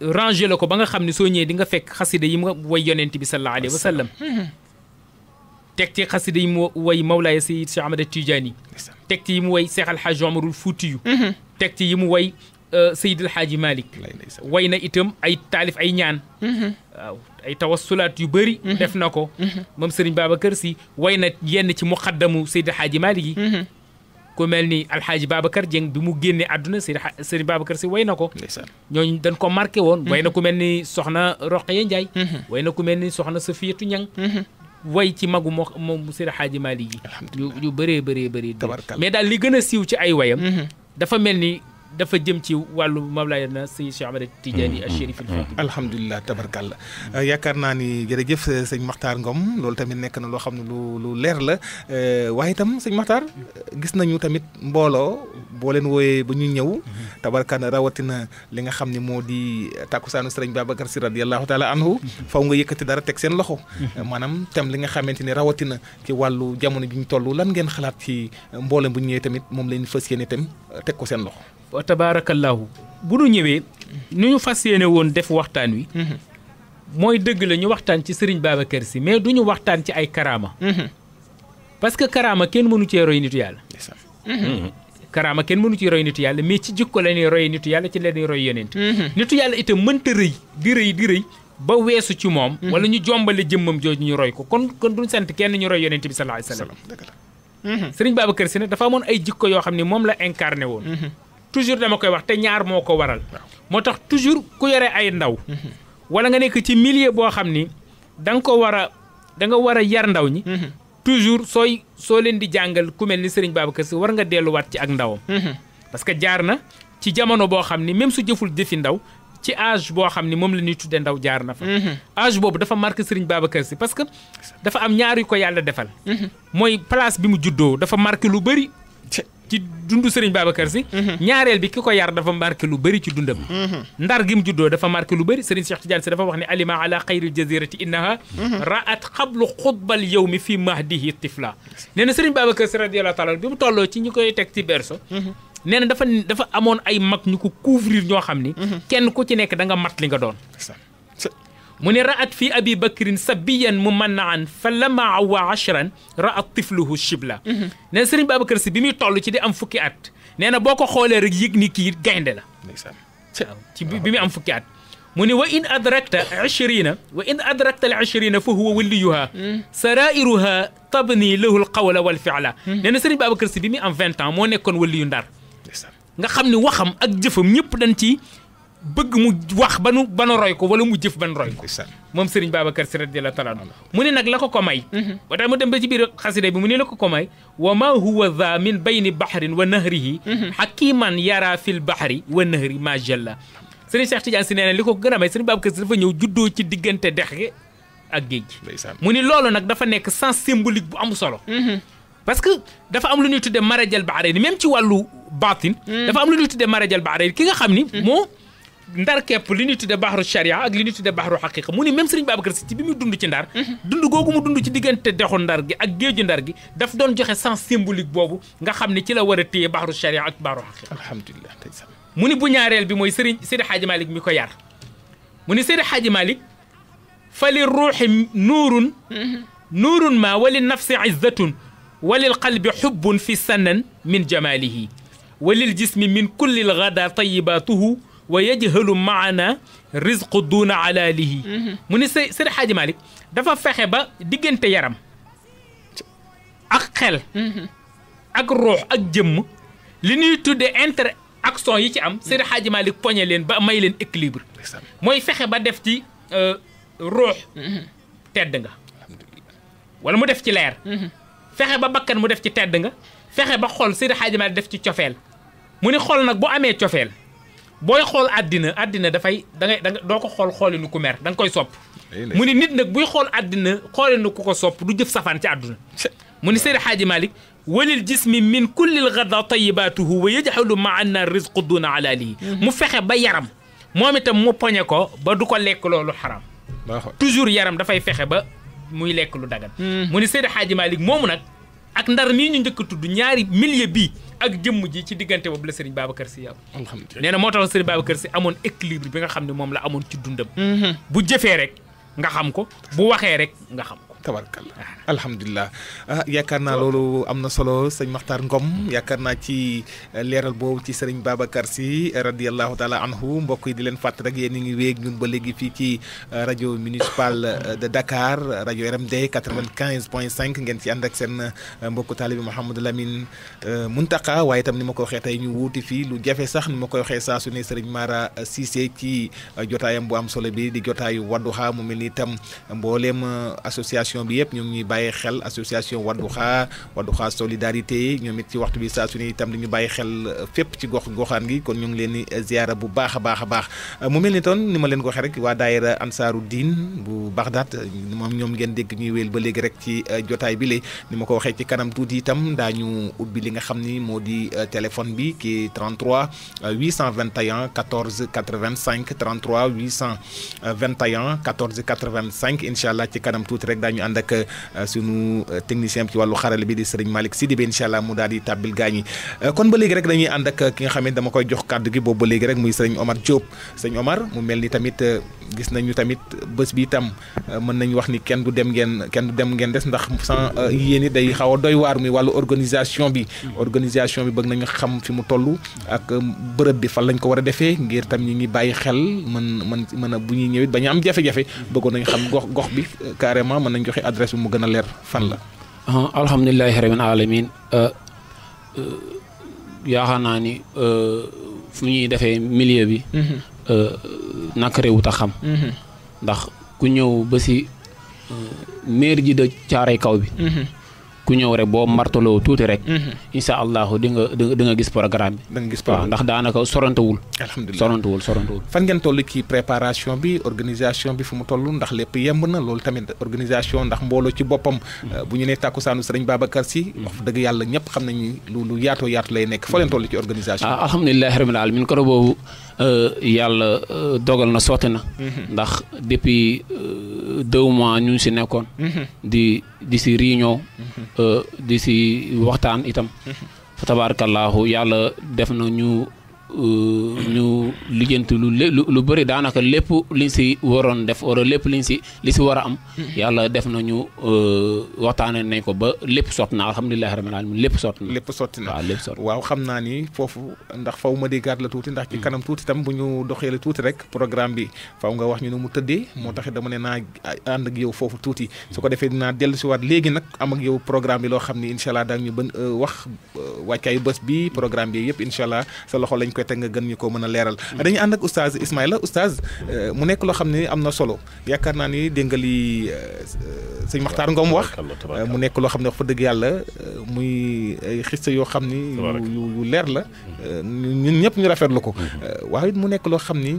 ranger la ko ba nga xam ne soo ñëwee di nga fekk xasida yi mu way yonent bi sallallahu alayhi wa sallam. Mhm. teg ci xasida yi mu way Mawlaaya Sayyid Cheikh Ahmad Tijaani. teg ci yi mu way Cheikh Al Hadj Omarul Fuutiyu. Mhm. teg ci yi mu way Euh, Seydil Xaaji Malick way na itam ay taalif ay ñaan mm-hmm. waaw ay tawassulaat yu bëri mm-hmm. def na ko mm-hmm. moom Serigne Babacar si way na yenn ci mu muqaddamu Seydil Xaaji Malick yi ku mel ni alxaaji Babacar Dieng bi mu génnee àdduna sëriñ Babacar si way na ko ñooñ dañ ko marqué woon way na ku mel ni soxna Roqaya Ndiaye way na ku mel ni soxna Safiyatu Ñang way ci magu moo moom sëriñ xaaji Maalik yi yu bëree bëree bëri mais daal li gën a siiw ci ay wayam dafa mel ni dafa jëm ci wàllu mawlaana si Cheikh Ahmed Tidiane mm-hmm. al Chérif al Fouti la yaakaar naa ni jërëjëf euh, sëñ Makhtar Ngom loolu tamit nekk na loo xam ne lu lu leer la euh, waaye itam sëñ Makhtar euh, gis nañu tamit mbooloo boo leen wooyee ba ñu ñëw mm-hmm. tabarkàlla rawatina li nga xam ne moo di tàkkusaanu sëriñ Babacar si radiallahu taala anhu mm-hmm. faw nga yëkkati dara teg seen loxo maanaam tam li nga xamante ni rawatina ci wàllu jamono ji ñu toll lan ngeen xalaat ci mbooloo bu ñu ñëwee tamit moom leen fas yéene itam teg ko seen loxo tabaarakallaahu bu nu ñëwee nu ñu fas yéene woon defu waxtaan wi mhm. mooy dëgg la ñu waxtaan ci sëriñ baaba kër si mais du ñu waxtaan ci ay karaama mhm. parce que karaama kenn mënu cee roy nitu yàlla mhm. karaama kenn mënu ci roy nitu yàlla mais ci jikko la ñuy roy yàlla ci la ñuy roy yonent nitu yàlla itam mënta rëy di rëy di rëy ba weesu ci moom wala ñu jombale jëmmam jooju ñu roy ko kon kon du sant kenn ñu roy yonent bi sallallahu alayhi wasallam sëriñ Babacar si nag dafa amoon ay jikko yoo xam ne moom la incarné woon toujours dama koy wax te ñaar moo ko waral. moo tax toujours ku yore ay ndaw. wala nga nekk ci milieu boo xam ni da nga ko war a da nga war a yar ndaw ñi. Mhm. toujours sooy soo leen di jàngal ku mel ni baaba Babacar Sy war nga delluwaat ci ak ndawam. Mhm. parce que jaar na ci jamono boo xam ni même su jëful jëfi ndaw. ci âge boo xam ni moom la ñuy tuddee ndaw jaar na fa. Mhm. âge boobu dafa marqué Serigne Babacar Sy parce que dafa am ñaari ko yàlla defal. mooy place bi mu juddoo lu bëri ci dundu Serigne Babacar Sy ñaareel bi ki ko yar dafa marqué lu bëri ci dundam ndar gi mu juddoo dafa marqué lu bëri Serigne Cheikh Tidiane Sy dafa wax ne alima ala xayri jazirati innaha raat xablu xutbal yawmi fi mahdihi tifla nee na Serigne Babacar Sy radiyallahu taala bi mu tolloo ci ñi koy teg ci berso nee na dafa dafa amoon ay mag ñu ko couvrir ñoo xam ni kenn ku ci nekk da nga mat li nga doon من رأت في أبي بكر سبيا ممنعا فلما عوى عشرا رأت طفله الشبلة نسرين بابا كرسي بمي طالو تدي أم فكيات نانا بوكو خولي رجيك نكير جايندلا بمي أم فكيات من وإن أدركت عشرين وإن أدركت العشرين فهو وليها سرائرها تبني له القول والفعل نانا سرين أبي بكر سبيمي أم فانتا مون يكون وليون دار نخمني وخم أجفم يبدنتي bëgg mu wax ba nu ba nu roy ko wala mu jëf ba nu roy ko moom Serigne Babacar Sy radiyallahu taala anhu mu ne nag la ko ko may ba tax mu dem ba ci biir xasida bi mu ne la ko ko may wa ma huwa dha min bayni bahrin wa nahrihi hakiman yara fil bahri wa nahri ma jalla Serigne Cheikh Tidiane Sy nee na li ko gën a may Serigne Babacar Sy dafa ñëw juddoo ci diggante dex gi ak géej mu ni loolu nag dafa nekk sens symbolique bu am solo parce que dafa am lu ñuy tuddee marajal bahrain même ci wàllu baatin dafa am lu ñuy tuddee marajal bahrain ki nga xam ni moo ndar kepp li ñuy tuddee baaxaru charia ak li ñuy tuddee baaxaru xaqiqa mu ni même Serigne Babacar Sy bi muy dund ci ndar dund googu mu dund ci diggante dexu ndar gi ak géeju ndar gi daf doon joxe sens symbolique boobu nga xam ne ci la war a téye baaxaru charia ak baaxaru xaqiqa alhamdulilah mu ni bu ñaareel bi mooy Serigne Seydi Hadji malik mi ko yar mu ni Seydi Hadji malik fali li ruuxi nuurun nuurun ma wali nafsi izzatun wali qalbi xubbun fi sanan min jamalihi wali jismi min kulli lgada tayibatuhu ويجهل معنا رزق دون على له من سر حاج مالك دا فا فخه با ديغنت يارام اك خل اك روح اك جيم لي ني تودي انتر اكسون يي ام سر حاج مالك بوني لين با ماي لين اكليبر نعم. موي فخه با ديف تي آه، روح تيدغا ولا مو ديف تي لير فخه با بكن مو ديف تي تيدغا فخه با خول سر حاج مالك ديف تي تيوفل موني خول نك بو امي تيوفل booy xool àddina àddina dafay da ngay da doo ko xool xoolinu ku mer da nga koy sopp mu ni nit nag buy xool àddina xoolinu ku ko sopp du jëf safaan ci àdduna mu ni Seydi Xaaji Malick walil jismi min kullil gada tayibaatuhu wa yajxalu ma anna risqu duna alaalihi mu fexe ba yaram moom itam mu poñe ko ba du ko lekk loolu xaram toujours yaram dafay fexe ba muy lekk lu dagan mu ni Seydi Xaaji Malick moomu nag ak ndar mii ñu njëkk tudd ñaari milieu bii ak jëmm ji ci diggante boobu la Serigne Babacar Sy yàlla. alhamdulilah nee moo tax Serigne Babacar Sy amoon équilibre bi nga xam ne moom la amoon ci dundam. Mhm. bu jëfee rek nga xam ko bu waxee rek nga xam. tabarkalla alhamdulilah ah, yaakaar naa loolu am na solo sëñ Makhtar Ngom yaakaar naa ci eh, leeral boobu ci sëriñ Babacar Sy radiallahu taala anhu mbokk yi di leen fàtt rek yéen a ngi wéeg ñun ba léegi fii ci eh, rajo municipale eh, de Dakar rajo RMD 95 point 5 ngeen ci ànd ak seen mbokku taalibi Mouhamadou mun Muntaka waaye tam ni ma ko waxee tey ñu wuuti fii lu jafe sax ni ma koy waxee saa su ne sëriñ Mara Cissé ci jotaayam bu am solo bi di jotaayu Wadduha mu mel ni itam mbooleem association association bi yëpp ñu ngi ñuy bàyyi xel association Wadduha Wadduha solidarité ñoom it ci waxtu bi saa su ne itam dañu bàyyi xel euh, fépp ci gox goxaan gi kon ñu ngi leen di euh, ziara bu baax a baax a baax euh, mu mel ni toon ni ma leen ko waxee rek waa daayira ansaaru diin bu Bagdad moom ñoom ngeen dégg ñuy wéel ba léegi rek ci jotaay bi le ni ma ko waxee ci kanam tuuti itam daañu ubbi li nga xam ni moo di téléphone bi ki 33 821 14 85 33 821 14 85 incha allah ci kanam tuuti rek daañu ànd ak euh, sunu euh, technicien bi wàllu xarale bi di sëriñ Malick Sidibé incha allah mu daal di tàbbil gaañ yi euh, kon ba léegi dañuy ànd ak ki nga xam ne dama koy jox kàddu gi boobu ba léegi rek muy sëriñ Omar Diop sëriñ Omar mu mel ni tamit gis nañu tamit bés bi tam euh, mën nañu wax ni kenn du dem ngeen kenn du dem ngeen des ndax sans euh, yéen day xaw doy waar mi wàllu organisation bi. Mm. organisation bi bëgg nañu xam fi mu toll ak euh, bërëb bi fan lañ ko war a defee ngir tam ñi ngi bàyyi xel man man mën a bu ñuy ñëwit ba ñu am jafe-jafe mm. bëggoon nañu xam gox gox bi carrément mën nañ joxe adresse bi mu gën a leer fan la. Mm. Ah, alhamdulilahi rabbil alamin yaakaar naa ni fu ñuy defee milieu bi. Mm-hmm. nakare wut a xam mm-hmm. ndax ku ñëw ba si euh, maire ji de caaray kaw bi mm-hmm. ku ñëw rek boo martaloo tuuti rek mm-hmm. insha allahu di nga di nga gis programme bi da gis programme ndax daanaka sorantawul alhamdulilah sorantawul sorantawul fan ngeen toll ci préparation bi organisation bi fu mu toll ndax lépp yemb na loolu tamit organisation ndax mbooloo ci boppam euh, bu ñu nee tàkkusaanu sëriñ Babacar Si wax dëgg yàlla ñëpp xam nañu lu lu yaatoo yaatu lay nekk foo leen toll ci organisation ah, alhamdulilahi Euh, yàlla euh, dogal na sotti na. Mhm. ndax depuis euh, deux mois ñu si nekkoon. Mhm. di di si réunion. Mhm. di si waxtaan itam. fa tabaarakallaahu yàlla def na ñu. Euh, ñu lijjanti lu le lu bari daanaka lépp li si waroon def wala lépp liñ si li si war a am. yàlla def na nañu euh, waxtaanee nañ ko ba lépp sotti na alhamdulilah rabbil alamin lépp sotti na. lépp sotti na waaw lépp sotti waaw xam naa ni foofu ndax faw ma déggaat la tuuti ndax ci kanam tuuti tam bu ñu doxee la tuuti rek programme bi faw nga wax ñu ne mu tëddee moo tax dama ne naa ànd ak yow foofu tuuti su ko defee dinaa dellu si waat léegi nag am ak yow programme bi loo xam ni incha allah daañu ñu bën euh, wax wàccaayu bés bi ko teg nga gën ñu ko mën a leeral dañuy ànd ak oustaz Ismaïla oustaz euh, mu nekk loo xam ne am na solo yaakaar naa ni dégg nga li euh, sëñ Maxtaar Ngom wax euh, mu nekk loo xam ne wax fa dëgg yàlla muy ay xiste yoo xam ni yu leer la ñun ñëpp ñu rafetlu ko mm-hmm. waaye mu nekk loo xam ni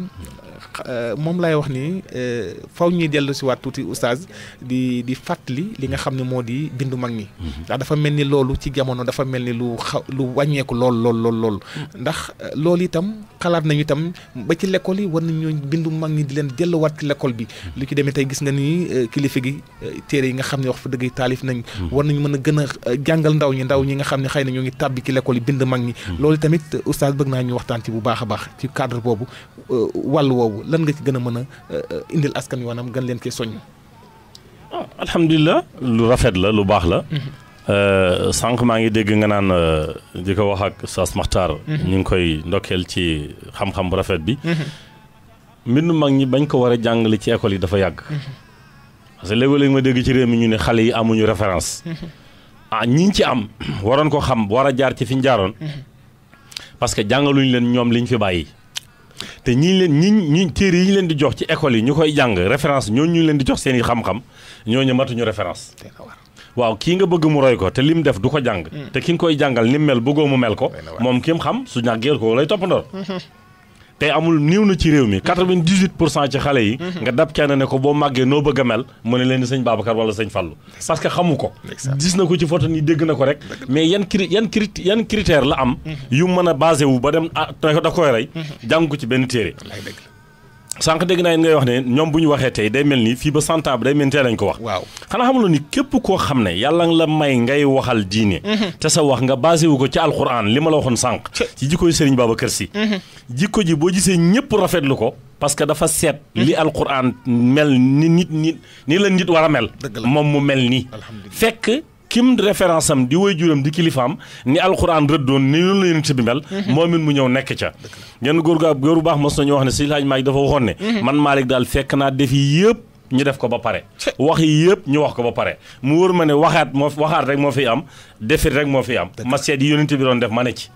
Euh, moom laay wax ni euh, faw ñuy dellu si tuuti oustaz di di fàttali li nga xam ne moo di bindu mag ñi. Mhm. ndax dafa mel ni loolu ci jamono dafa mel ni lu xaw lu wàññeeku lool lool lool lool. Mhm. ndax euh, loolu itam xalaat nañu itam ba ci lekkool yi war nañu bindu mag ñi di leen delluwaat ci lekkool bi. Mhm. lu ci demee gis nga ni kilifa gi téere yi nga xam ne wax fa dëgg taalif nañ. war nañu mën a gën a jàngal ndaw ñi ndaw ñi nga xam ne xëy na ñoo ngi tàbbi ci lekkool yi bind mag ñi. loolu tamit oustaz bëgg naa ñu waxtaan ci bu baax a baax ci cadre boobu wàll woowu lan nga ci gëna mëna euh, indil askan yi wanam gën leen ci ah lu rafet la lu bax la. Mhm. Euh, sank ma ngi dégg nga naan euh, di ko wax ak sas Maxtaar. Mhm. ñu ngi koy ndokkel ci xam-xam bu rafet bi. Mhm. mbindu mag ñi bañ ko wara a ci école yi dafa yàgg. parce que léeg-léeg ma dégg ci réew mi ñu ne xale yi amuñu référence. ah ñi ci am waroon ko xam war a jaar ci fiñ jaaroon. parce que jàngaluñ leen ñoom liñ fi bàyyi. te ñi leen ñi ñi téere yi ñu leen di jox ci école yi ñu koy jàng référence ñooñu ñu leen di jox seen i xam-xam ñooñu matuñu référence. waaw kii nga bëgg mu roy ko te lim def du ko jàng. Mm. te ki nga koy jàngal ni mu mel bëggoo mu mel ko. moom ki mu xam su ñàggee ko lay toppandoor. Mm-hmm. tey amul néew na ci réew mi 98 mhm. pour cent ci xale yi. Mhm. nga dab kenn ne ko boo màggee noo bëgg a mel mu ne leen di sëñ Babacar wala sëñ Fallou. parce xamu ko. gis na ko ci photo ni dégg na ko rek. mais yan cri yan cri la am. Mhm. yu mën a basé wu ba dem ah da koy rey. jàng ko ci benn téere. sànq dégg naa ngay wax ne ñoom bu ñu waxee tey day mel ni fii ba santab day mel ni lañ ko wax. waaw xanaa xamuloo ni képp koo xam ne yàlla nga la may ngay waxal diine. Mhm. te sa wax nga basé wu ko ci alxuraan li ma la waxoon sànq. ci jikko yi sëriñ Babacar si. Mhm. jikko ji boo gisee ñëpp rafetlu ko. parce que dafa seet. Mhm. li alxuraan mel ni nit nit ni la nit war a mel. moom mu mel nii. fekk. kim référence am di woy juram di kilifaam ni alxuraan doon ni loolu la yonent bi mel mhm. moom it mu ñëw nekk ca genn góor gaa góor bu baax mos nañu wax ne si laaj maag dafa waxoon ne mhm. man Malick daal fekk naa def yëpp ñu def ko ba pare wax yi yëpp ñu wax ko ba pare mu wóor ma ne waxaat moo waxaat rek moo fi am defit rek moo fi am ma seet yi yonent bi doon def ma ne ci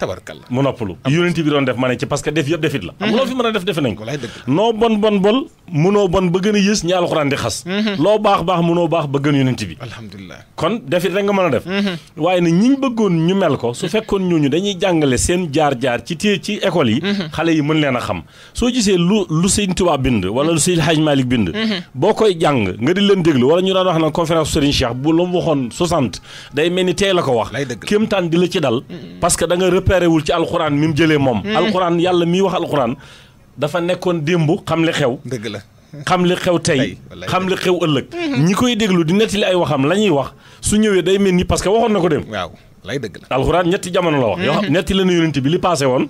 tabarkalla mu noppalu yonent bi doon def ma ne ci parce def yëpp defit la am mhm. loo fi mën a def defe nañ ko noo bon bon bol mënoo bon ba gën a yées ñi alxuraan di xas mhm. loo baax baax mënoo baax ba gën yonent bi alhamdulilah kon defit rek nga mën a def mhm. waaye ne ñiñ bëggoon ñu mel ko su fekkoon ñooñu dañuy jàngale seen jaar-jaar ci téye ci école yi xale yi mën leen a xam soo gisee lu lu Sëñ bind wala lu Sëñ Hajj Malick bind boo koy jàng nga repéré wul ci alcorane mim jëlé mom alcorane yàlla mi wax alcorane dafa nekkoon dembu xam li xew. deug la xam li xew tay xam li xew ëllëg. ñi koy déglu di nettali ay waxam lañuy wax su ñëwé day melni parce que waxon nako dem. waaw lay deug la. alcorane ñetti jamono la wax. netti la ñu yonent bi li passé won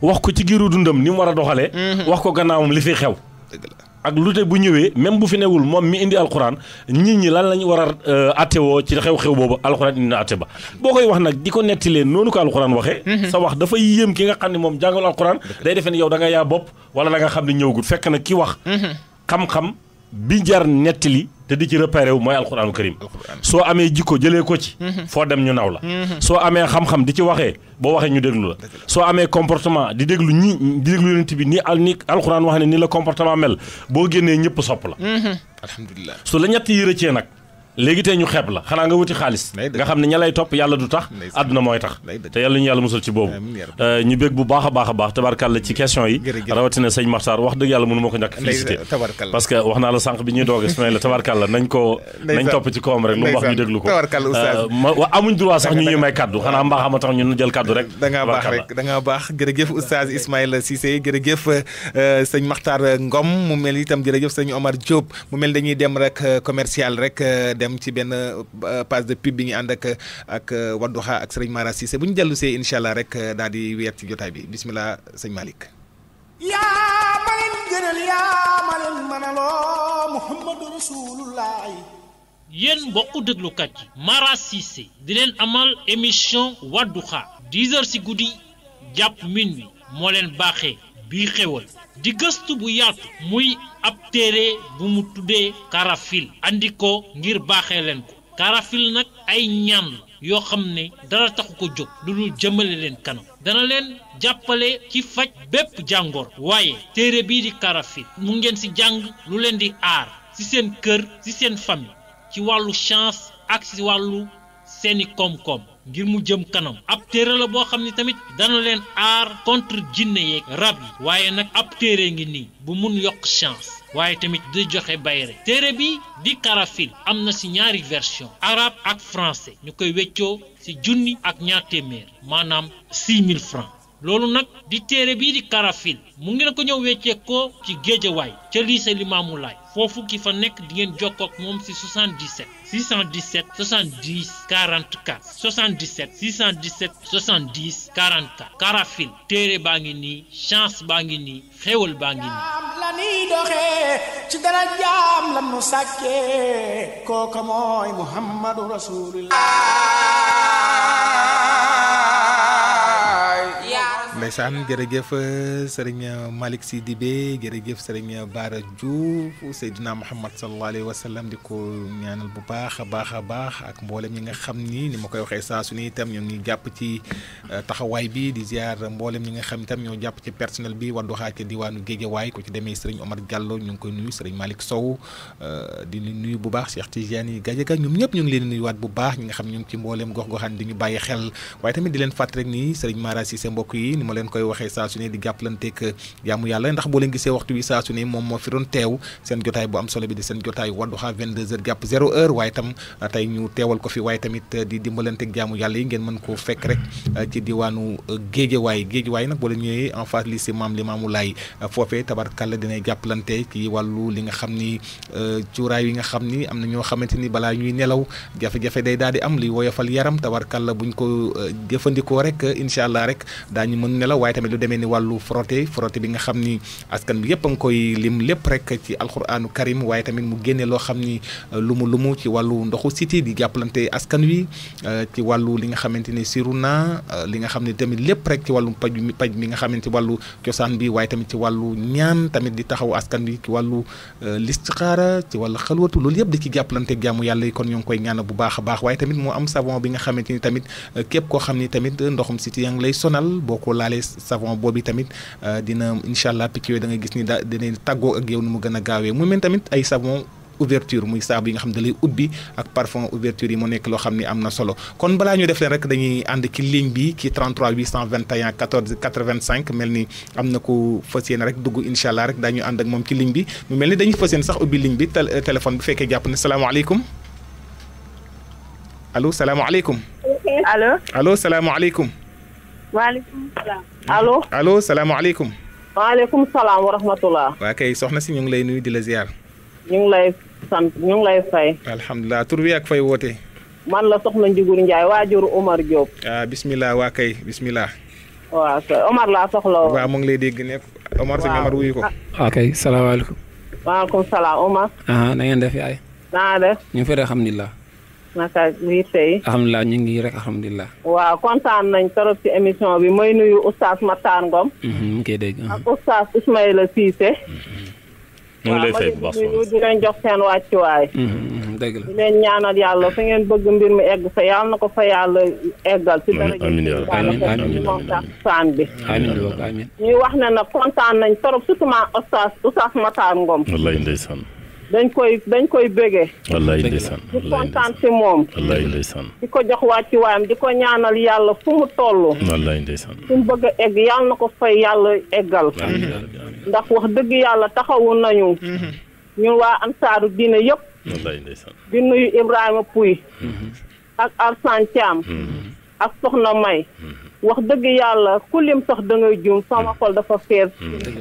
wax ko ci giru dundam ni mu wara doxale wax ko gannaawum li fi xew. deug la. ak lute bu ñëwee même bu fi newul moom mi indi alxuraan nit ñi lan la ñu war a euh, attewoo ci xew-xew boobu alxuraan indi na atte ba boo koy wax nag di ko nettilee noonu ko alxuraan waxee mhm. sa wax dafa yéem ki nga xam ne moom jàngal alxuraan day defee ne yow da nga yaa bopp wala da nga xam ne ñëw ñëwgul fekk na ki wax mhm. xam-xam bi jar nettali te di ci repéré wu mooy alxuraanu karim soo amee jikko jëlee ko ci mhm. foo dem ñu naw la mhm. soo amee xam-xam di ci waxee boo waxee ñu déglu la soo amee comportement di déglu ñi di déglu yonent bi ni ni alxuraan wax ne ni la comportement mel boo génnee ñëpp sopp la mhm. alhamdulilah su la ñett yi rëccee nag léegi tey ñu xeeb la xanaa nga wuti xaalis nga xam ne ña topp yàlla du tax àdduna mooy tax te yàlla ñu yàlla musal ci boobu euh, ñu bég bu baax a baax a baax tabarkàlla ci question yi rawatina sëñ Maxtaar wax dëgg yàlla mënu ma ko ñàkk félicité parce que wax naa la sànq bi ñuy dooge su ne topp ci kawam rek lu mu wax ñu déglu ko euh, amuñ droit sax ñu ñuy may kàddu xanaa mbaax ma tax ñun jël kàddu rek da ngaa baax rek da ngaa baax jërëjëf oustaz dem ci benn euh, page de pub bi ñu ànd ak ak euh, Wadduha ak sëriñ Mara bu ñu jàllu see incha allah rek euh, daal di weer ci jotaay bi bisimilah sëñ Malick. yaa ma leen gënal yaa ma leen mënaloo Muhammadu Rasulullahi yéen mbokku déglukat yi Mara di leen amal émission Wadduha 10 heures ci guddi jàpp minuit moo leen baaxe bii xewal di gëstu bu yaatu muy ab téere bu mu tuddee karafil andi ko ngir baaxee leen ko karafil nag ay ñaan yoo xam ne dara taxu ko jóg lu dul jëmale leen kanam dana leen jàppale ci faj bépp jàngoor waaye téere bii di karafil mu ngeen si jàng lu leen di aar ci seen kër ci seen famille ci wàllu chance ak ci wàllu seeni koom-koom ngir mu jëm kanam ab téere la boo xam ne tamit dana leen aar contre jinne yee rab yi waaye nag ab téere ngi nii bu mun yokk chance waaye tamit di joxe bayre téere bi di karafil am na ci ñaari version arabe ak français ñu koy weccoo ci junni ak ñaar téeméer maanaam 6000 francs loolu nag di téere bii di karafil mu ngi na ko ñëw wecceekoo ci géejawaay ca lycée Limaamu Laay foofu ki fa nekk di ngeen jokkoo moom si 77 617 70 44 karafil téere baa ngi nii chance baa ngi nii xéwal baa ngi nii ci dara jaam la nu kooka mooy Muhammadu Rasulullah ndeysaan jërëjëf euh, sëriñ euh, Malick Sy Dibé jërëjëf sëriñ euh, Bara Diouf Seydina Mouhamad sallallahu alayhi wa sallam di ko ñaanal bu baax a baax a baax ak mboolem ñi nga xam ni ni ma koy waxee saa su ne itam ñoo ngi jàpp ci taxawaay bi di ziar mboolem ñi nga xam itam ñoo jàpp ci personnel bi Wadduha ca diwaanu Géejawaay ku ci demee sëriñ Omar Diallo ñu ngi koy nuyu sëriñ Malick Sow di nuyu bu baax Cheikh Tidiane Gadiaga ñoom ñëpp ñu ngi leen nuy waat bu baax ñi nga xam ñu ngi ci mboolem gox goxaan di ñu bàyyi xel waaye tamit di leen fàtt rek nii sëriñ mbokk yi ma leen koy waxee saa su ne di jàppalanteeg euh, jaamu yàlla ndax boo leen gisee waxtu bi saa su ne moom moo fi doon teew seen jotaay bu am solo bi di seen jotaay Wadduha 22h jàpp 0h waaye tam euh, tey ñu teewal ko fi waaye tamit euh, di dimbalanteeg jaamu yàlla yi ngeen mën koo fekk rek ci diwaanu Géejawaay Géejawaay nag boo leen ñëwee en face lycée Maam Limaamu Laay foofee tabarkalla dinay jàppalante ci wàllu li nga xam ni cuuraay yi nga xam ni am na ñoo xamante ni balaa ñuy nelaw jafe day daal di am luy woyofal yaram tabarkalla buñ ko jëfandikoo rek incha ne la waaye tamit lu demee ni wàllu frotté frotté bi nga xam ni askan bi yëpp a nga koy lim lépp rek ci alquranu karim waaye tamit mu génne loo xam ni lu mu lu mu ci wàllu ndoxu cité di jàppalante askan wi euh, ci wàllu li nga xamante ni siruna euh, li nga xam ne tamit lépp rek ci wàllu paj paj mi nga xamante wàllu cosaan bi waaye tamit ci wàllu ñaan tamit di taxaw askan wi ci wàllu euh, listixaara ci wàllu xalwatu loolu yëpp di ci jàppalante jaamu yàlla yi kon ñoo ngi koy ñaan bu baax a baax waaye tamit moo am savon bi nga xamante ni tamit képp koo xam ni tamit ndoxum cité yaa ngi lay laalee savon boobu tamit euh, dina incha allah picc yooyu da nga gis ni da dina tàggoo ak yow nu mu gën a gaawee mu mel tamit ay savon ouverture muy saabu yi nga xam ne da lay ubbi ak parfum ouverture yi mu nekk loo xam ne am na solo kon balaa ñu def leen rek dañuy ànd ci ligne bi ci 33 821 14 85 mel ni am na ko fas yéene rek dugg incha allah rek daañu ànd ak moom ci ligne bi mu mel ni dañuy fas yéene sax ubbi ligne bi téléphone bu fekkee jàpp ne salaamaaleykum allo salaamaaleykum. allo allo salaamaaleykum. waaleykum salaam. allo allo salaamaaleykum. waaleykum salaam wa rahmatulah. soxna si ñu ngi lay nuyu di la ziar. ñu ngi lay sant ñu ngi lay fay. alhamdulilah tur ak fay woote. man la soxna Ndiougour Ndiaye waajur Omar Diop. ah bismillah waa bismillah. waaw laa soxla woon. waaw mu ngi lay dégg ne Omar si wuyu ko. waaw ah. kay salaamaaleykum. waaleykum salaam Omar. na ngeen def yaay. naa def. ñu ngi fi alhamdulilah. naka biir tey. alhamdulilah ñu ngi rek alhamdulilah. waaw kontaan nañ trop ci émission bi mooy nuyu oustaz Matar Ngom. Mhm, mu ngi koy dégg. ak oustaz Ismaïla Cissé. ñu mhm. ngi leen jox seen wàccuwaay. Mhm, dëgg la leen ñaanal yàlla fa ngeen bëgg mbir mi egg fa yàlla na ko fa yàlla eggal. ci dara jërëjëf amiin moom sax saan bi. amiin ñuy wax ne nag kontaan nañ trop surtout ma oustaz oustaz Matar dañ koy dañ koy bégee. wallaay kontaan si moom. di ko jox wàccuwaayam di ko ñaanal yàlla fu mu toll. fu mu bëgg a egg yàlla na ko fay yàlla eggal. ndax wax dëgg yàlla taxawu nañu. Mhm. ñun waa ansaaru diine yëpp. wallaay ndeysaan di nuyu Ibrahima Pouy. Mhm. ak Arsane Thiam. Mhm. ak Soxna May. wax dëgg yàlla ku lim sax da ngay juum sama xol dafa fees.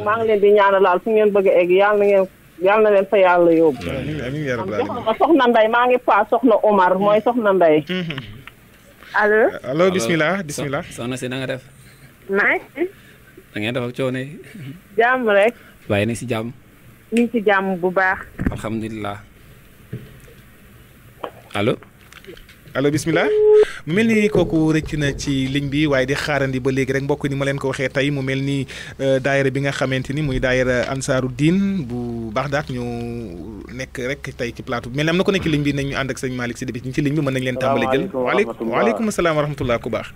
maa ngi leen di ñaanalaal fu ngeen bëgg a egg yàlla na ngeen. yàlla na leen fa yàlla yóbbu. amiin soxna Ndeye maa ngi faa soxna Omar mooy soxna Ndeye. allo. allo bisimilah bisimilah. soxna si na def. naaj. da ngeen def ak coono yi. jàmm rek. waaye ni si jàmm. ni si jàmm bu baax. alhamdulilah. allo. allo bisimilah mu mel ni kooku rëcc na ci ligne bi waaye di xaarandi ba léegi rek mbokk ni ma leen ko waxee tey mu mel ni euh, daayira bi nga xamante ni muy daayira ansaaru diin bu Baxdaat ñu nekk rek tey ci plateau bi mel ni am na ko nekk ci ligne bi nañu ànd ak sëñ Malick si débit ñu ci ligne bi mën nañ leen tàmbali jël waaleykum salaam wa ku baax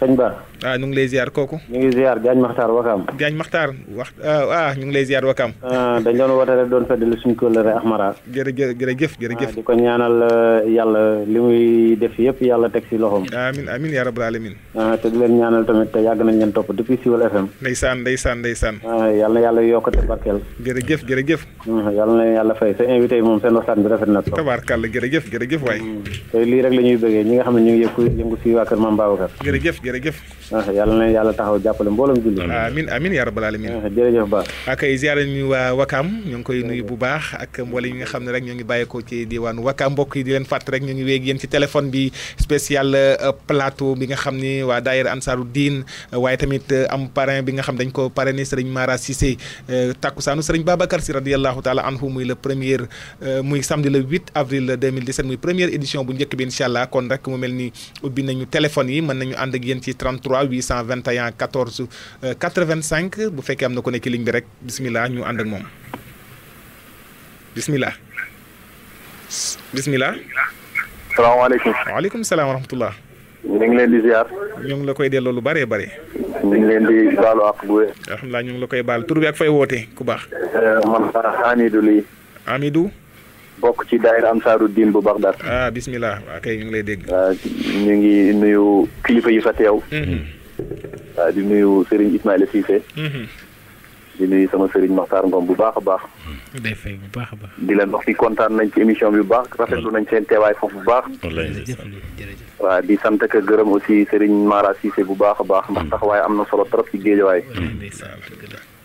sëñ Ba. ah ñu ngi lay ziar kooku. ñu ngi ziar Diagne Makhtar Wakaam. Diagne Makhtar wax ah, ah ñu ngi lay ziar Wakaam. Ah, dañ doon woote rek doon feddali suñu kóllëre Ahmara. jërëjëf jërëjëf ah, di ko ñaanal eh, yàlla li muy def yëpp yàlla teg si loxoom. amin amin yaa rabbal alamin. te di leen ñaanal tamit te yàgg nañ leen topp depuis Siwal FM. ndeysaan ndeysaan ndeysaan. yàlla na yàlla yokk te na yàlla fay sa invité moom seen waxtaan bi rafet na. tabaarkàlla jërëjëf jërëjëf hmm. lii rek la bëggee ñi nga xam ne ñu ngi yëngu si waa kër Mame Babacar. jërëjëf jërëjëf ah, yàlla na yàlla taxaw jàppale mboolem julli amin amin ya, rabbal alamin ah, jërëjëf baax akay ziara ñu waa Wakaam ñu ngi koy nuyu bu baax ak mboolem yi nga xam ne rek ñoo ngi bàyyeekoo ci diwaanu Wakaam mbokk yi di leen fàtt rek ñu ngi wéeg yéen ci téléphone bi spécial euh, plateau bi nga xam ni waa daayira Ansaaru Diin euh, waaye tamit euh, am parrain bi nga xam dañ ko parrainé Serigne Mara Cissé tàkkusaanu Serigne Babacar Sy radiyallahu taala anhu muy le premier muy samedi le 8 avril 2017 muy première édition bu njëkk bi incha allah kon rek mu mel ni ubbi nañu téléphone yi mën nañu ànd ak yéen yéen ci 33 821 14 85 bu fekkee am na ko nekk ligne bi rek bisimilah ñu ànd ak moom bisimilah. bisimilah. salaamaaleykum. waaleykum salaam wa rahmatulah. ñu ngi leen di ziar. ñu ngi la koy delloo lu bëree bëri. ñu ngi leen di baalu ak bu alhamdulilah ñu ngi la koy baal tur bi ak fay woote ku baax. Euh, man Amidou lii. Amidou. bokk ci daayira Ansaaru Diin bu baax ah bismillah waa ah, kay ñu ngi lay dégg. Ah, ñu ngi nuyu kilifa yi fa teew. waaw mm-hmm. ah, di nuyu Serigne Ismaïla Cissé. Mm-hmm. di nuyu sama Serigne Maxtaar Ngom bu baax a baax. Mm-hmm. bu baax a baax. di leen wax fi kontaan nañ ci émission bi bu baax rafetlu nañ seen teewaay foofu bu baax. waaw di sant ak gërëm aussi Serigne Mara Cissé bu baax a baax ndax taxawaay am na solo trop ci géejawaay.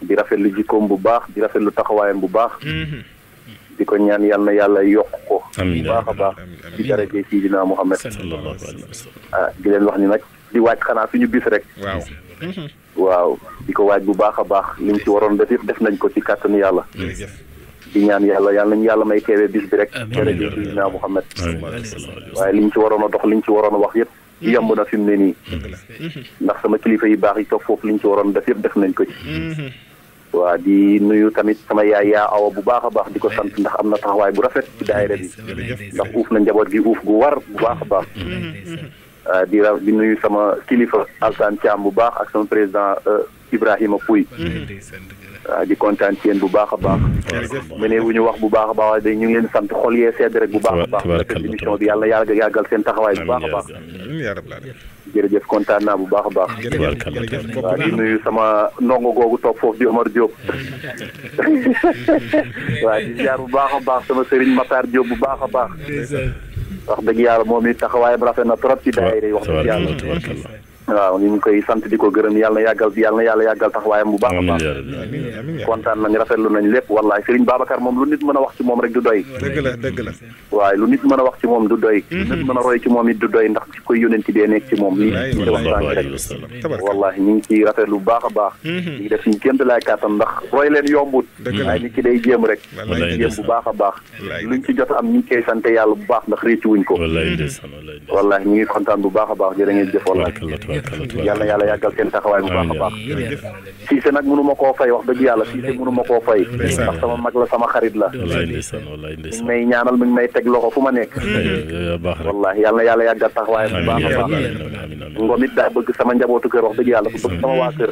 di rafetlu jikkoom bu baax di lu taxawaayam bu baax. di ko ñaan yal na yàlla yokk ko bu baax a baax ci daraje Sidina Muhammad ah di leen wax ni nag di waaj xanaa suñu bis rek waaw waaw di ko waaj bu baax a baax liñ ci waroon def yëpp def ko ci kàttanu yàlla di ñaan yàlla yàlla nañu yàlla may teewee bis bi rek daraje Sidina Muhammad waaye liñ ci waroon a dox liñ ci waroon a wax yëpp yamb na fi mu ne nii ndax sama kilifa yu baax yi toog foofu liñ ci waroon def yëpp def nañ ko ci mm-hmm. waa di nuyu tamit sama yaay yaa awa bu baax a baax di ko sant ndax am na taxawaay bu rafet ci daayira bi ndax uuf na njaboot gi uuf gu war bu baax a baax di ra di nuyu sama kilifa Alsaan Thiam bu baax ak sama président euh, Ibrahima Pouy waaw di kontaan ci bu baax a baax mene wu ñu wax bu baax a baax waaye da leen sant xol yee sedd rek bu baax a baax émission bi yàlla yàgg yàggal seen taxawaay bu baax a baax jërëjëf kontaan naa bu baax a baax. waaw di nuyu sama ndongo googu topp foofu di Omar Diop. waaw di jaar bu baax a baax sama sëriñ Matar Diop bu baax a baax. wax dëgg yàlla moom it taxawaayam rafet na trop ci daayira yi wax dëgg yàlla. waaw ñu ngi koy sant di ko gërëm yàlla na yàggal yàlla na yàlla yàggal taxawaayam bu baax a baax kontaan nañ rafetlu nañ lépp wallaay Serigne Babacar moom lu nit mën a wax ci moom rek du doy dëgg waaye lu nit mën a wax ci moom du doy lu mhm. nit ci moom it du doy ndax ci koy yónent dee nekk ci moom lii ci wax sànq rek ñu ngi ciy rafetlu bu baax a baax mhm. ñu ngi def suñu kémt laay kàttan ndax roy leen yombut waaye nit ki day jéem rek jéem bu baax baax luñ ci jot am ñu ngi koy sant yàlla bu baax ndax récci wuñ ko wallaay ñu ngi kontaan bu baax a baax jërë ngeen jëf wallaay yàlla yàlla yàggal seen taxawaay bu baax a baax Cissé nag mënu ma koo fay wax dëgg yàlla Cissé mënu ma koo fay sama mag la sama xarit la mi may ñaanal mi ngi may teg loxo fu ma nekk wallaahi yàlla yàlla yàggal taxawaay bu baax a baax ngom it daa bëgg sama njabootu kër wax dëgg yàlla ku bëgg sama waa kër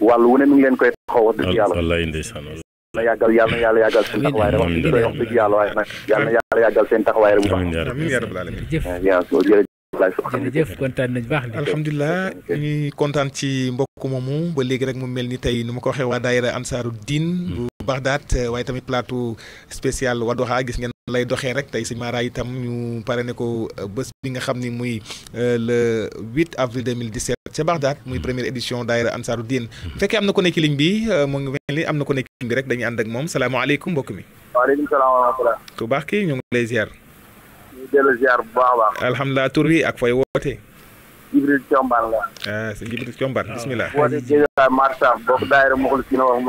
wàllu wu ne mu ngi leen koy taxaw wax dëgg yàlla yàlla yàggal yàlla yàlla yàggal seen taxawaay rek wax dëgg yàlla waaye nag yàlla yàlla yàggal seen taxawaay rek bu baax Ablaye Sow. jërëjëf kontaan nañu baax. alhamdulilah ñuy kontaan ci mbokk moomu ba léegi rek mu mel ni tey nu ma ko waxee waa daayira ansaaru diin hmm. bu Baxdaat waaye tamit plateau spécial Wadduha gis ngeen lay doxee rek tey si Mara itam ñu pare ne ko euh, bés bi nga xam ni muy euh, le 8 avril 2017 ca Baxdaat muy hmm. première édition daayira ansaaru diin hmm. bu fekkee am na ko nekk ligne bi euh, mu ngi mel ni am na ko nekk ligne bi rek dañuy ànd ak moom salaamaaleykum mbokk mi. waaleykum salaam wa rahmatulah. bu baax kii ñu ngi ñu dellu ziar bu baax a baax. alhamdulilah tur bi ak fooy wootee. Jibril Combar la. ah c'est Jibril Combar bisimilah. woote Géejawaay Marsaf bokk daayira Muxlisina wax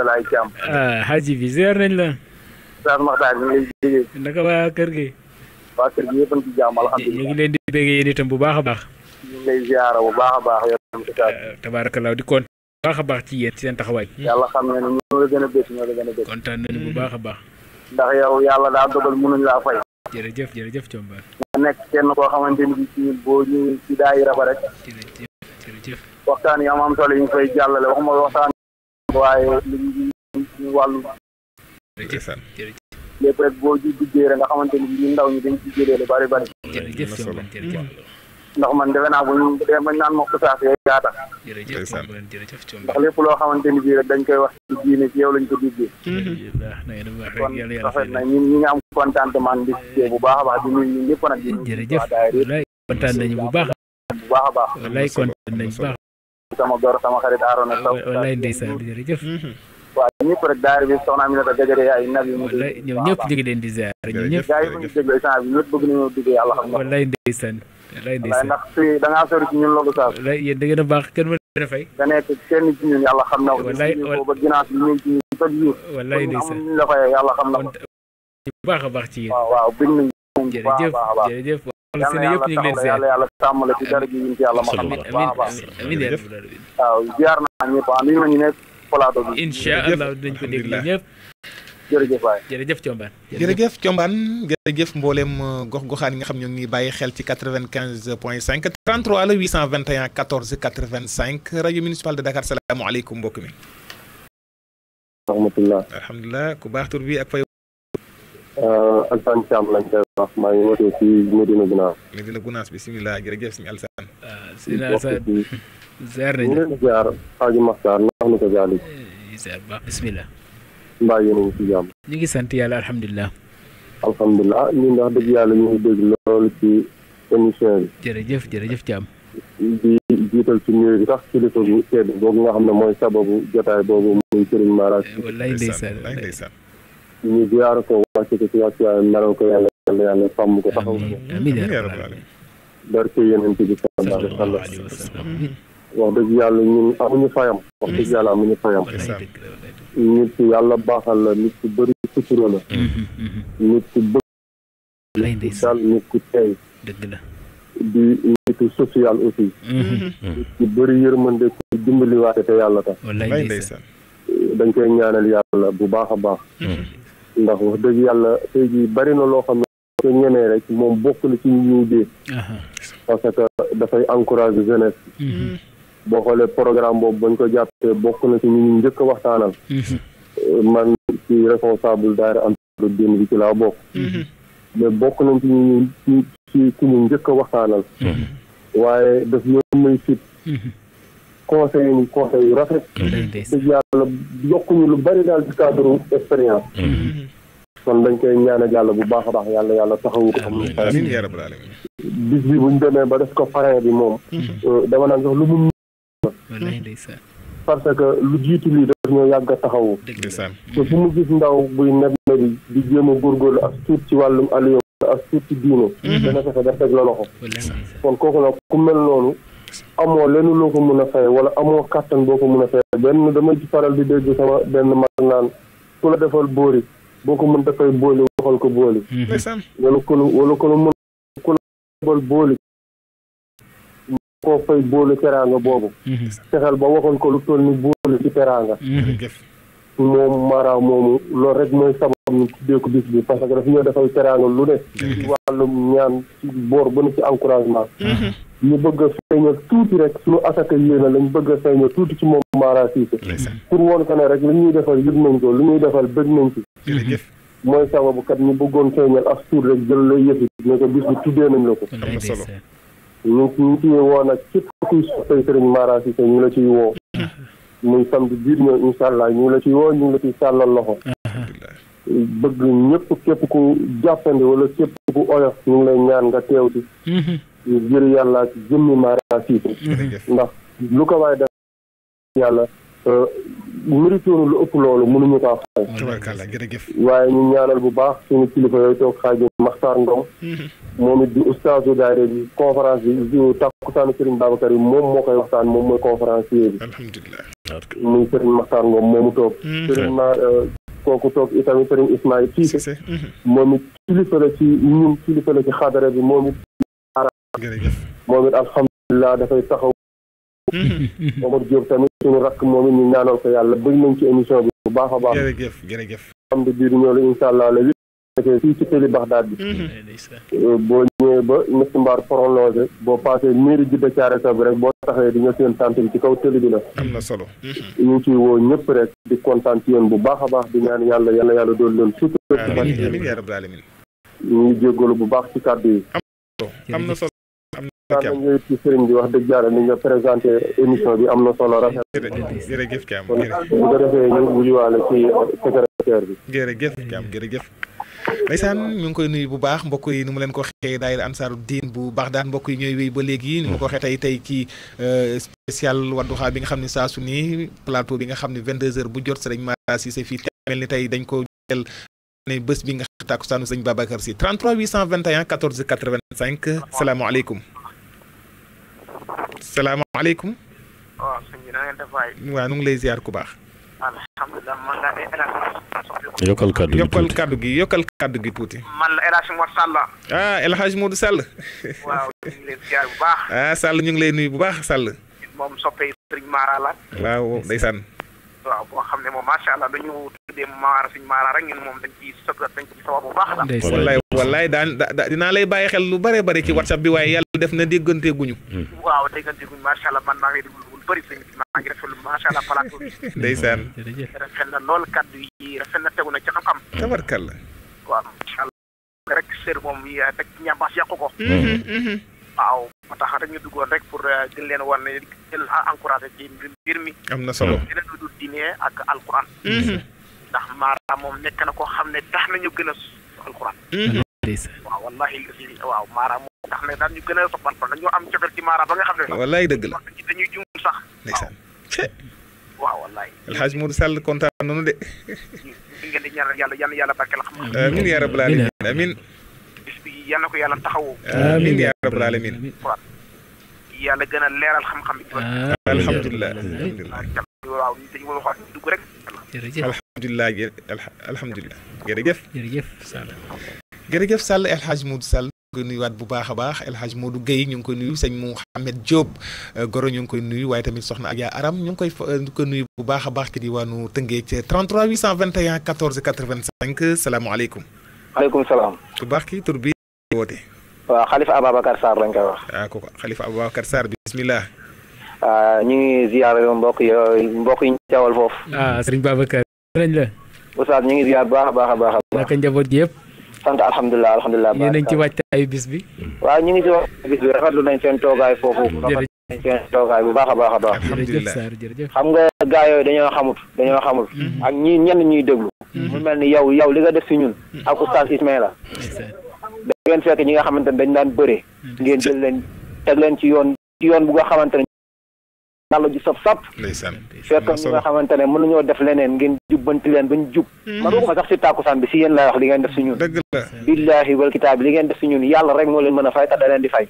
a ah, bi ziar nañ la. Oustaz Makhtar ñu ngi lay déggee. naka waa kër gi. waa kër gi yëpp a ngi ci jàmm alhamdulilah. ñu ngi leen di béggee yéen itam bu baax baax. ñu ngi lay ziar bu baax a baax yow tamit Oustaz. Ah, tabaarakallaa di kontaan bu baax a baax ci yéen seen taxawaay. yàlla xam na ne ñoo gën a bég ñoo gën a bég. kontaan nañu bu baax a baax. ndax yow yàlla daa dogal mënuñ laa jërëjëf jërëjëf Thiombal. nga nekk kenn koo xamante ni bi ci boo ñu ci daayira ba rek. jërëjëf jërëjëf. waxtaan yi am am solo yi ñu fay jàllale waxuma waxtaan waaye li ñu ci wàllu. jërëjëf jërëjëf. lépp rek boo ji duggee rek nga xamante ni bi ñu ndaw ñi dañ ci jëlee lu bari bari. jërëjëf Thiombal jërëjëf. ndax man defe naa bu ñu dee mañ naan ma ustaas yooyu yaa tax ndax lépp loo xamante ni bii rek dañ koy wax ci diine ci yow lañ ko déggee kon rafet na ñun ñi nga am contentement di ci bu baax a baax di nuyu ñun ñëpp nag jërëjëf kontaan nañu bu baax bu baax a baax wallaay kontaan nañu bu baax sama gor sama xarit Arona Sow wallaay ndeysaan jërëjëf mm-hmm. waaw ñëpp rek daara bi soxna Aminata Gajare yaay nag yi mu ñëpp ñu ngi leen di ziar ñëpp gaay yi mu ngi déglu instant bi ñëpp bëgg nañoo duggee yàlla xam nga wallaay ndeysaan lay ndeysaan ndax fii da ngaa sori ci ñun loolu saa lay yéen da ngeen a baax kenn mën na fay nga nekk kenn ci ñun yàlla xam na ko ba ginnaaw bi ñu ci chaque jour wallaay ndeysaan ñu la fayee yàlla xam na ko baax a baax ci yéen waaw waaw bëgg nañ jërëjëf jërëjëf yàlla na yàlla taxaw yàlla yàlla sàmm la ci dara ji ñu ci yàlla ma xam ne waaw ziar naa ñëpp waaw ah, li ñu nekk plateau bi incha allah dinañ ko déglu ñëpp jërëjëf waay jërëjëf Thiombane jërëjëf Thiombane jërëjëf mbooleem gox-goxaan yi nga xam ñoo ngi bàyyi xel ci 95 33 821 14 rajo municipal de Dakar salaamaaleykum mbokk mi rahmatullah alhamdulilah ku baax tur bi ak fay Alsaan Thiam lañ koy wax maa ngi wootee ci Medina Gunaas Medina Gunaas bisimilah jërëjëf suñu Alsaan sëñ Alsaan ziar nañu ñu leen ziar Xaaji Maxtaar ndax nu ko ziar bisimilah mbaa yéen ci jàmm. ñu ngi sant yàlla alhamdulilah. alhamdulilah ah, ñun ndax dëgg yàlla ñu ngi dégg loolu ci émission bi. jërëjëf jërëjëf Thiam. di jiital ci nuyu bi kilifa bu tedd boobu nga xam ne mooy sababu jotaay boobu muy sëriñ Mara. Eh, wallaay ndeysaan wallaay ndeysaan. ñu ziar ko wàcce ko ci wàccuwaayam melal ko yàlla yàlla yàlla sàmm ko taxaw ko. amiin amiin barke yeneen bi sallallahu alayhi wa sallam wax dëgg yàlla ñun amuñu fayam wax dëgg yàlla amuñu fayam nit ku yàlla baaxal la nit ku bëri sutura la mm-hmm, mm-hmm. nit ku bëgg nit ku dal di nit ku social aussi mm-hmm. nit ku bëri yërmande ku dimbali te yàlla tax dañ koy ñaanal yàlla bu baax a baax ndax wax dëgg yàlla tey jii bari na loo xam ne ñemee rek moom bokk na ci ñuy dee parce que dafay encourager jeunesse boo xoolee programme boobu bañ ko jàppee bokk na ci ñu ñu njëkk a waxtaanal mhm. euh, man ci responsable daara am dénn bi ci laa bokk mhm. mais bokk nañ ci ñu ñu njëkk a waxtaanal mhm. waaye daf ñoo may fit conseil ni conseil yu rafet dëgg yàlla yokkuñu lu bari daal ci cadre expérience kon dañ koy ñaanal yàlla bu baax a yàlla yàlla taxawu bis bi buñ demee ba def ko parrain bi moom euh, dama naan sax lu wallaay parce que lu jiitu lii daf ñoo yàgg a taxawu te fu mu gis ndaw buy neb nebi di jéem a góorgóorlu ak tuut ci wàllum aliyo ak tuut ci diine mhm. dana fexe daf teg la loxo kon kooku nag ku mel noonu amoo lenn loo ko mën a fay wala amoo kàttan boo ko mën a fay benn damay ci faral di dégg sama benn mag naan ku la defal boori boo ko mën dafay booli waxal ko booli mhm. wala mën ku la defal booli koo fay boolu teraanga boobu mhm. fexeel ba waxoon ko lu toll ni boolu ci teraanga mhm. moom maaraam moomu loolu rek mooy sabab ñu tuddee ko bis bi lu ne ci wàllum boor bu ne ci encouragement mhm. ñu bëgg a feeñal tuuti rek suñu asaka yéena lañ bëgg a feeñal ci moom Mara Cissé pour woon ko ne rek li ñuy lu ñuy defal bëgg nañ ci mooy sababu kat ñu bëggoon feeñal ak tuur rek jël lay yëfi ne bis bi tuddee nañ la ko ñu ngi ciy ciy woo nag képp kuy soppee Serigne Mara Cissé ñu la ciy woo. muy samedi biir ñëw incha allah ñu ngi la ciy woo ñu ngi la ciy sàllal loxo. bëgg ñëpp képp ku jàppandi wala képp ku oyof ñu lay ñaan nga teew di. ngir yàlla ak jëmmi Mara Cissé. ndax lu ko waay def yàlla. Euh, méritoonu lu ëpp loolu mënuñu kaa fay. waaye ñu ñaanal bu baax suñu kilifa yooyu toog xaajal Makhtar Ngom moom it di oustaasu daayira bi conférence bi di takkusaanu Serigne Babacar yi moom moo koy waxtaan moom mooy conférencier bi alhamdulilah muy Serigne Makhtar Ngom moomu toog Serigne ma kooku toog itamit Serigne Ismaïl Cissé moom it kilifa la ci ñun kilifa la ci xadara bi moom it aara moom it alhamdulilah dafay taxaw Omar Diop tamit suñu rakk moom it ñu ñaanal ko yàlla bëgg nañ ci émission bi bu baax a baax jërëjëf jërëjëf xam ne bii di ñëw la incha allah fekkee fii ci tëli Baxdaad bi mm-hmm. eh, eh, boo ñëwee ba ñetti mbaar prolongé boo passé mairie Djiddah Thiaroye Kao bi rek boo taxee di nga seen tant bi ci kaw tëli bi la am na solo mm-hmm. ñu ngi woo ñëpp rek di kontaan ci yéen bu baax a baax di ñaan yàlla yàlla yàlla doon leen sutura ñu ngi jéggalu bu baax ci kàddu yi am na solo daa na ngay bi wax dëgg yàlla ni nga présenté émission bi am na solo rafet jërëjëf bu ko defee ñu wujuwaale ci secrétaire bi jërëjëf ndeysaan ñu ngi koy nuyu bu baax mbokk yi ni ma leen ko waxee daayira ansaaru diin bu Baxdad mbokk yi ñooy wéy ba léegi ni ma ko waxee tey tey ci euh, spécial Wadduha bi nga xam ne saa su ni plateau bi nga xam ne 22h bu jot Serigne Mara Cissé fii mel ni tey dañ ko jël ne bés bi nga si et Serigne Babacar Sy 33 821 14 85 salaamaaleykum salaamaaleykum ah, waaw nu ngi lay ziar ku baax yokal kaddu yokal kaddu gi yokal kaddu gi tuuti. man la elhaj mod Sall. ah elhaj mod Sall. waaw ñu ngi leen ziar bu baax. ah Sall ñu ngi lay nuy bu baax Sall. mom soppey serigne Mara la. waaw ndaysan waaw bo xamne mom ma sha allah dañu tuddé Mara serigne Mara rek ñun mom dañ ci sopp dañ ci sawar bu baax la. wallahi wallahi wallaay daan dinaa lay baye xel lu bare bare ci hmm. whatsapp bi waaye yalla def na déggante guñu. waaw déggante guñu ma sha allah man ma ngi déglu bëri sëñ bi maa ngi rafetlu macha allah plateau ndeysaan rafet na lool kaddu yi rafet na tegu na ci xam-xam. tabarkalla. waaw macha allah rek sër moom yi rek ñambaas yàqu ko. waaw moo tax rek ñu duggoon rek pour gën leen wan ne encouragé ci mbir mi. am na solo gën a dund diine ak alquran. ndax mm-hmm. Mara moom nekk na koo xam ne tax nañu gën a alquran. waaw wallahi waaw moom tax na ñu gën a am ci ba nga xam ne. dëgg la dañuy jum صح نيسان واه والله الحاج مرسل كنت نونو دي امين يا رب العالمين امين يانكو يالا تخاو امين يا رب العالمين يالا غنا ليرال خم خم الحمد لله الحمد لله الحمد لله جرجف جرجف سلام جرجف سال الحاج مرسل koy nuyuwaat bu baax a baax El Hadj Modou Guèye ñu ngi koy nuyu sëñ Mouhamed Diop euh, goro ñu ngi koy nuyu waaye tamit soxna ak yaa aram ñu ngi koy euh, koy nuyu bu baax a baax ci diwaanu Tëngéej 33 821 14 85 salaamaaleykum. maaleykum bu baax kii tur bi woote. waaw Khalifa Ababacar Sarr lañ koy wax. waaw ah, kooku Khalifa Ababacar Sarr bismillah. Ah, ñu ngi ziar mbokk yi mbokk yi ñu foofu. ah sëriñ Babacar. la. Oustaz ñu ngi ziar baax a baax a baax. naka njaboot gi yëpp. sant alhamdulilah alhamdulilah. yéen a ngi ci waajtaayu bis bi. waaw ñu ngi ci wax bis bi rafetlu nañ seen toogaay foofu. jërëjëf rafetlu nañ seen toogaay bu baax a baax a baax. alhamdulilah xam nga gaa yooyu dañoo xamut dañoo xamut. Mm-hmm. ak ñi ñenn ñuy déglu. Mm-hmm. mu mel ni yow yow li nga def si ñun. Mm-hmm. ak oustaz Ismaïla. da ngeen fekk ñi nga xamante ne dañ daan bëre. ngeen jël leen ci yoon ci yoon bu nga yàlla ju saf saf fekk ñi nga xamante ne mënuñoo def leneen ngeen jubbanti leen bañ jub man waxuma sax si tàkkusaan bi si yéen laay wax li ngeen def si ñun billahi wal kitaab li ngeen def si ñun yàlla rek moo leen mën a fay te da di fay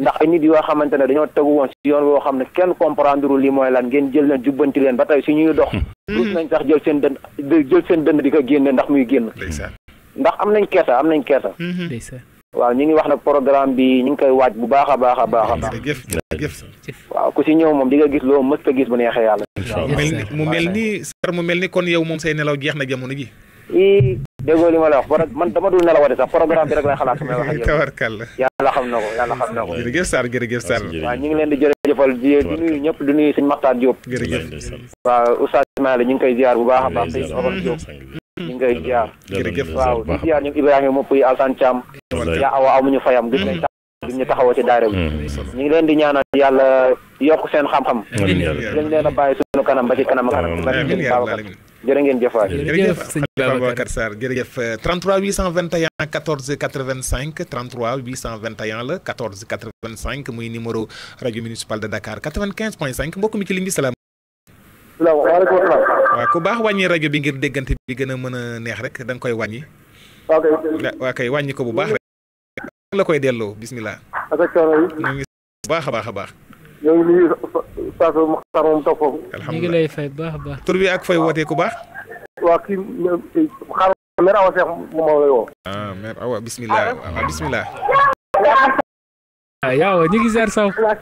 ndax ay nit yoo xamante ne dañoo tegu woon si yoon woo xam ne kenn comprendre li mooy lan ngeen jël leen jubbanti leen ba tey si ñuy dox nañ sax jël seen dënd jël seen dënd di ko génne ndax muy génn ndax am nañ am nañ waaw ñu ngi wax nag programme bi ñu ngi koy waaj bu baax a baax a baax a baax. waaw ku si ñëw moom di nga gis loo mës a gis bu neexee yàlla. mu mel ni sar mu mel ni kon yow moom say nelaw jeex na jamono ji. i déggoo li ma la wax man dama dul nelawate sax programme bi rek lay xalaat may wax ak yàlla xam na ko yàlla xam na ko. jërëjëf Sarr jërëjëf Sarr. waaw ñu ngi leen di jërëjëfal di nuyu ñëpp di nuyu sëñ Maxtaar Diop. jërëjëf waaw Oustaz Ismaïla ñu ngi koy ziar bu baax a baax. ñu ngi jaar. jërëjëf waaw di jaar ñoom Ibrahima Mopp yi Alsaan Caam yaa fayam duñ ñu taxawoo ci mm. ñu ngi leen di ñaanal yàlla yokk seen xam-xam dañ leen a bàyyi suñu kanam ba ci kanam kanam jërë ngeen jëf waay jërëjëf sëñ Babacar Sarr jërëjëf 33 821 14 85 33 821 la 14 85 muy numéro rajo municipal de Dakar 95 point 5 mbokk mi ci ligne salaamaaleykum wa rahmatulah. waaw ku baax wàññi rajo bi ngir déggante bi gën a mën a neex rek da koy wàññi. waaw kay waaw wàññi ko bu baax rek. la koy delloo bisimilah. ñu ngi baax a baax a baax. ñoo ngi nuyu Oustaz Makhtar moom toog foofu. a baax. tur bi ak fooy wootee ku baax. waa kii xaaral mère Awa Seck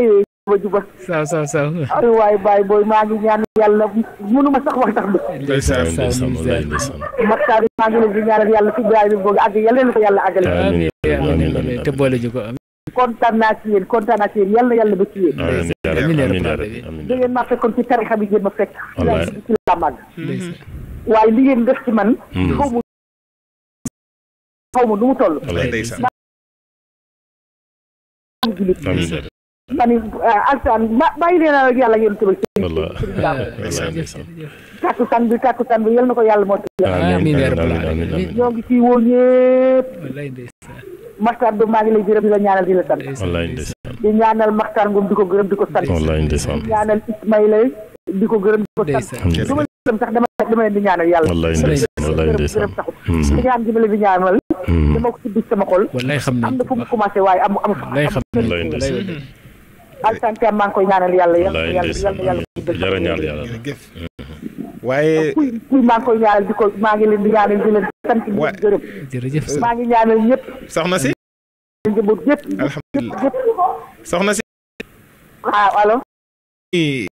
moom ba juba saw saw saw ay waay baay booy maa ngi ñaan yàlla mënuma sax wax tax bi ndeysaan ndeysaan ndeysaan Makhtar maa ngi leen di ñaanal yàlla ci jaay bi boobu àgg yàlla na ko yàlla àggale amiin amiin te boole ji kontaan naa ci yéen kontaan naa ci yéen yàlla yàlla ba ci yéen da ngeen maa fekkoon ci tarixa bi ngeen ma fekk waaye li ngeen def ci man hmm. xaw ma xaw ma nu mu toll man eh, alsaan bàyyi leen ak yàlla ngeen tëbal takkusaan bi takkusaan bi yal na ko yàlla moo tëbal ñoo ngi ci woo ñëpp Maxtaar du maa ngi lay gërëm di la ñaanal di la sant di ñaanal Maxtaar Ngom di ko gërëm di ko sant di ñaanal Ismaïla di ko gërëm di ko sant sax dama dama leen di ñaanal yàlla gërëm taxut ñaan gi ma leen di ñaanal hmm. dama ko ci bis sama xol am na fu mu commencé waaye am am Alassane Thiam koy ñaanal yàlla yàlla yàlla yàlla yàlla ñaanal yàlla mm-hmm. waaye kuy kuy maa ngi koy ñaanal di leen di ñaanal di soxna si alhamdulilah soxna si waaw ah, allo euh,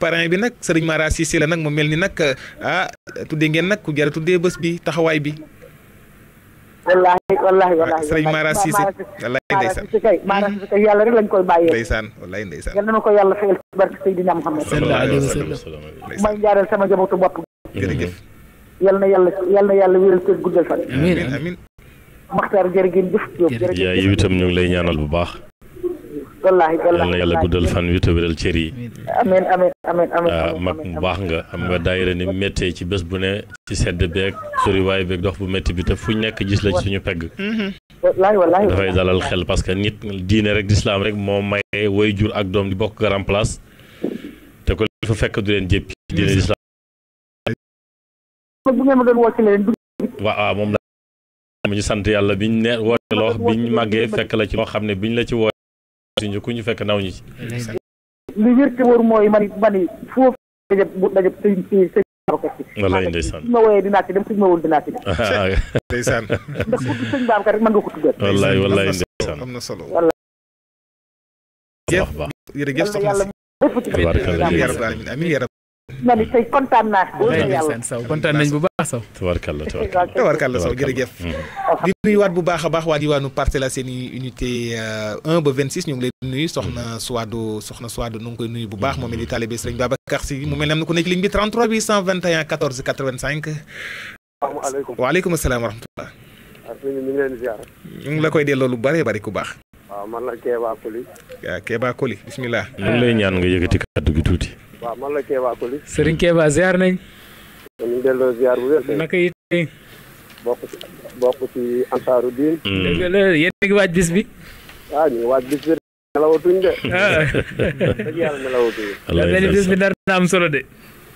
parrain bi nag Serigne Mara Cissé nag mu mel ni nag euh, ah tuddee ngeen nag ku jar a tuddee bi taxawaay bi wallahi wallahi ah, wallahi sëriñ Mara Cissé wallahi ndeysaan kay Mara Cissé kay yàlla rek lañ koy bàyyee wallahi ndeysaan yal na ko yàlla fayal ci barke Seydina Muhammad sallallahu alayhi wa sallam may njaareel sama jabootu bopp jërëjëf yal na yàlla yal na yàlla wéral seen guddal fan amiin amiin Maxtaar jërëjëf jëf yow ñu ngi lay ñaanal bu baax wallaahi wallaahi yàlla guddal fan wi te wéral cër yi. amiin amiin amiin ah, amiin mag mu baax nga xam nga daayira ni méttee ci bés bu ne ci sedd beeg soriwaay beeg dox bu métti bi te fuñ nekk gis la ci suñu pegg. wallaahi wallaahi dafay dalal xel parce que nit diine rek lislaam rek moo maye way jur ak doom di bokk grand place te ko fa fekk du leen jéppi diine lislaam. waaw ah, moom la ñu sant yàlla biñ ne woote loo biñ màggee fekk ñu ku ñu fekk naw ñi ci li wér te mooy man man foofu daje daje sëñ ma wooyee dinaa ci dem suñ ma wul dinaa ci dem ndeysaan ndax ku sëñ Babacar rek mën nga ko tuddee wallaay wallaay ndeysaan am na solo wallaay jërëjëf soxna si amiin yaa rabbal aalamiin amiin ma ni tey kontaan nañ bu baax saw. tabarkalla tabarkalla tabarkalla saw jërëjëf. Mm-hmm. di nuyuwaat bu baax a baax waa diwaanu Parcelles Assainies unité 1 euh, ba 26 ñu ngi lay nuyu soxna mm-hmm. Suwaadu soxna Suwaadu nu ngi koy nuyu bu baax mm-hmm. moom it di taalibe Sëriñ Babacar Si mu mel ne am na ku nekk ligne bi 33 821 14 85. asalaamaaleykum waaleykum salaam wa rahmatulah. Ah, ñu ngi leen di ziar. ñu ngi la koy delloo lu bëree bëri ku baax. waaw ah, man la Kéba Koli. waaw ah, Kéba Koli bisimilah. ñu ngi lay ñaan waaw man la Kéba Koli. Serigne Kéba ziar nañ. ñu ngi delloo ziar bu wér. naka yitte. bokk ci bokk ci ansaaru diin. la hmm. a ngi waaj bis bi. waaw ah, ngi waaj bis bi nelawatuñ de. Ah. dëgg yàlla nelawatuñ. bis bi nar na solo de.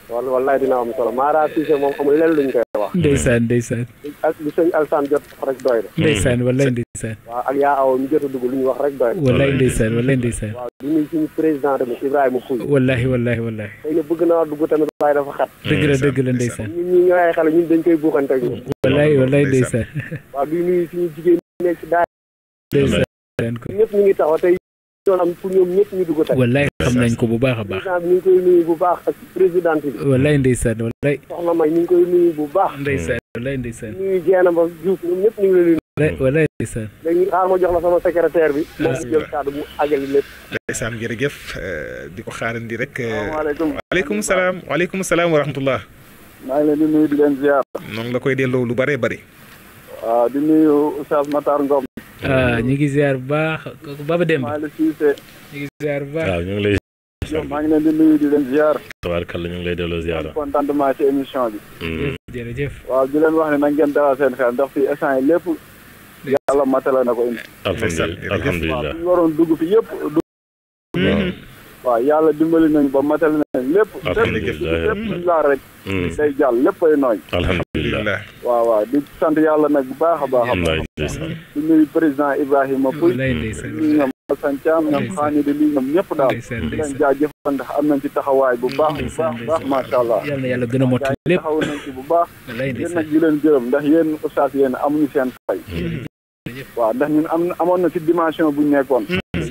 wala wallaay dina am solo Mara Cissé moom amul leen luñ koy wax. ndeysaan ndeysaan. ak li sëñ Alsaan jot rek doy na. ndeysaan wallaay ndeysaan. waa ak yaa aw mi jot a dugg lu ñu wax rek doy na. wallaay ndeysaan wallaay ndeysaan. waaw di nuyu suñu président tamit Ibrahima Pouy. wallahi wallahi wallahi. xëy na bëgg naa dugg tamit waaye dafa xat. dëgg la dëgg la ndeysaan. ñun ñii ñooy ay xale ñun dañ koy buuxante ak ñoom. wallaay wallaay ndeysaan. waaw di nuyu suñu jigéen ñi nekk si daay. ndeysaan ñëpp ñu ngi taxaw doon xam nañ ko bu baax a baax. ñu koy nuyu bu baax ak présidente bi. wallaay ndeysaan wallaay. soxna May ñu koy nuyu bu baax. ndeysaan wallaay ndeysaan. nuyu Dieng ba Diouf ñoom bi. moom mu jël euh, di ko xaarandi rek. waaleykum euh, waaleykum salaam waaleykum salaam wa rahmatullah. la koy delloo lu bëree bëri. waaw ah, ñu ngi ziar bu baax kooku Baba Demba Malick Cissé ñu ngi ziar baax waaw ñu ngi lay maa ngi leen di nuyu di leen ziar tabaarkalla ñu ngi lay delloo ziar contentement ci émission bi hmm. jërëjëf waaw di leen wax ne na ngeen dalal seen xel ndax fii instant yi lépp yàlla matala na ko indi alhamdulilah waroon dugg fi yëpp dugg hmm. Hmm. waaw yàlla dimbali nañ ba matal nañ lépp. alhamdulilah lépp laa rek. day jàll léppay nooy. alhamdulilah waaw waaw di sant yàlla nag bu baax a baax. alhamdulilah di nuyu président Ibrahima Pouy. nuyu ñoom Assane Thiam ñoom xaani di lii ñoom ñëpp daal. di leen jaajëfal ndax am nañ ci taxawaay bu baax bu baax baax macha allah. yal na yàlla gën a motu lépp taxaw nañ ci bu baax. yéen nag di leen gërëm ndax yéen ustaas yéen amuñu seen fay. waaw ndax ñun am amoon na ci dimension bu ñu nekkoon.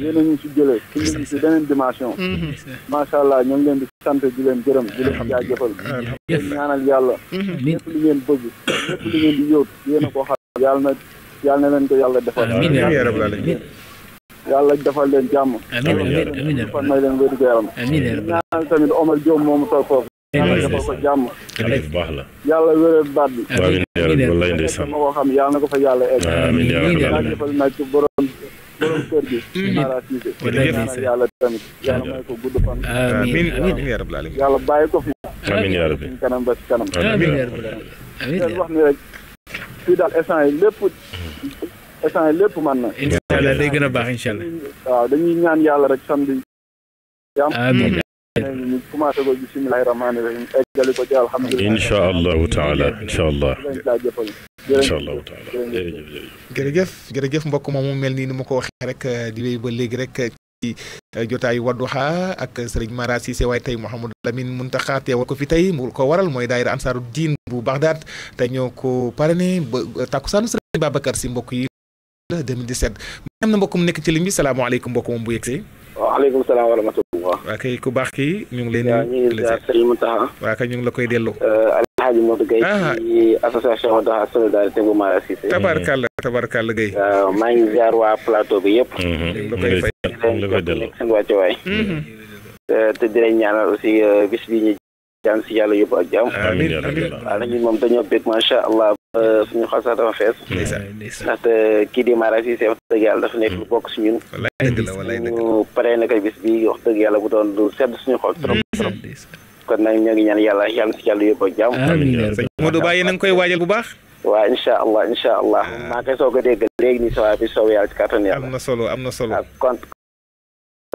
yéen a ñu ci jëlee ci ñu ci beneen dimension mhm. macha allah ñoo ngi leen di sant di leen gërëm di leen jaajëfal leen ñaanal yàlla mhm. lépp lu ngeen bëgg lépp lu ngeen di yóot yéen a ko xam yàlla na yàlla na leen ko yàlla defal yàlla defal leen jàmm fan may leen wér gu yaram ñaanal tamit Omar Diop moomu toog foofu yàlla defal ko jàmm yàlla wéral baat bi yàlla na ko fa yàlla egg jaajëfal naa ci borom borom kër gi. Mm-hmm. Mara Cissé. jërëjëf yàlla tamit yàlla may ko gudd fan. amiin amiin yaa rabbal aalamiin yàlla bàyyi ko fi. amiin yaa rabbi kanam ba si kanam. amiin yaa rabbi amiin wax ni rek. fii daal instant yi lépp lépp mën na. incha allah day gën a baax incha allah. waaw dañuy ñaan yàlla rek samedi. amiin ان شاء الله تعالى ان شاء الله ان شاء الله تعالى جرجف جرجف مبوك جوتاي ودوها اك سيرج مراسي سي تاي محمد لامين منتخات يوكو في تاي مولكو وارال موي دائره انصار الدين بو بغداد تا نيوكو بارني تاكوسانو سيرج بابكر سي مبوك 2017 مام نمبوكم نيك تي ليمبي السلام عليكم مبوك مبو يكسي waaw aleykum salaam wa waa kay ku baax ki ñu ngi leen di. waaw waa kay la koy delloo. Alhaji euh, Modou Gueye. Ah. ci association a solidarité bu Mara Cissé. tabarkalla tabarkalla Gueye. waaw euh, maa ngi ziar waa plateau bi yëpp. Mhm. ñu ngi lay ñu ngi lay seen wàccuwaay. Mhm. Mhm. Euh, te di leen ñaanal aussi bis bi ñu jaan si yàlla yóbbu ak jàmm. amiin amiin waaw ñun moom dañoo bég allah. Euh, suñu xol sax dama fees. ndaxte kii di Mara Cissé lu bokk si ñun. ñu paree na ko bis wax dëgg yàlla bu doon lu sedd suñu xol trop trop. kon nag ñoo ngi ñaan yàlla yàlla si yàlla yóbbu jàmm. sëñ Modou Ba yéen a ngi koy waajal bu baax. waaw incha allah incha allah ah. maa ngi koy a dégg léegi nii sa waa bi soog yàlla si am na solo am na solo. ak ah,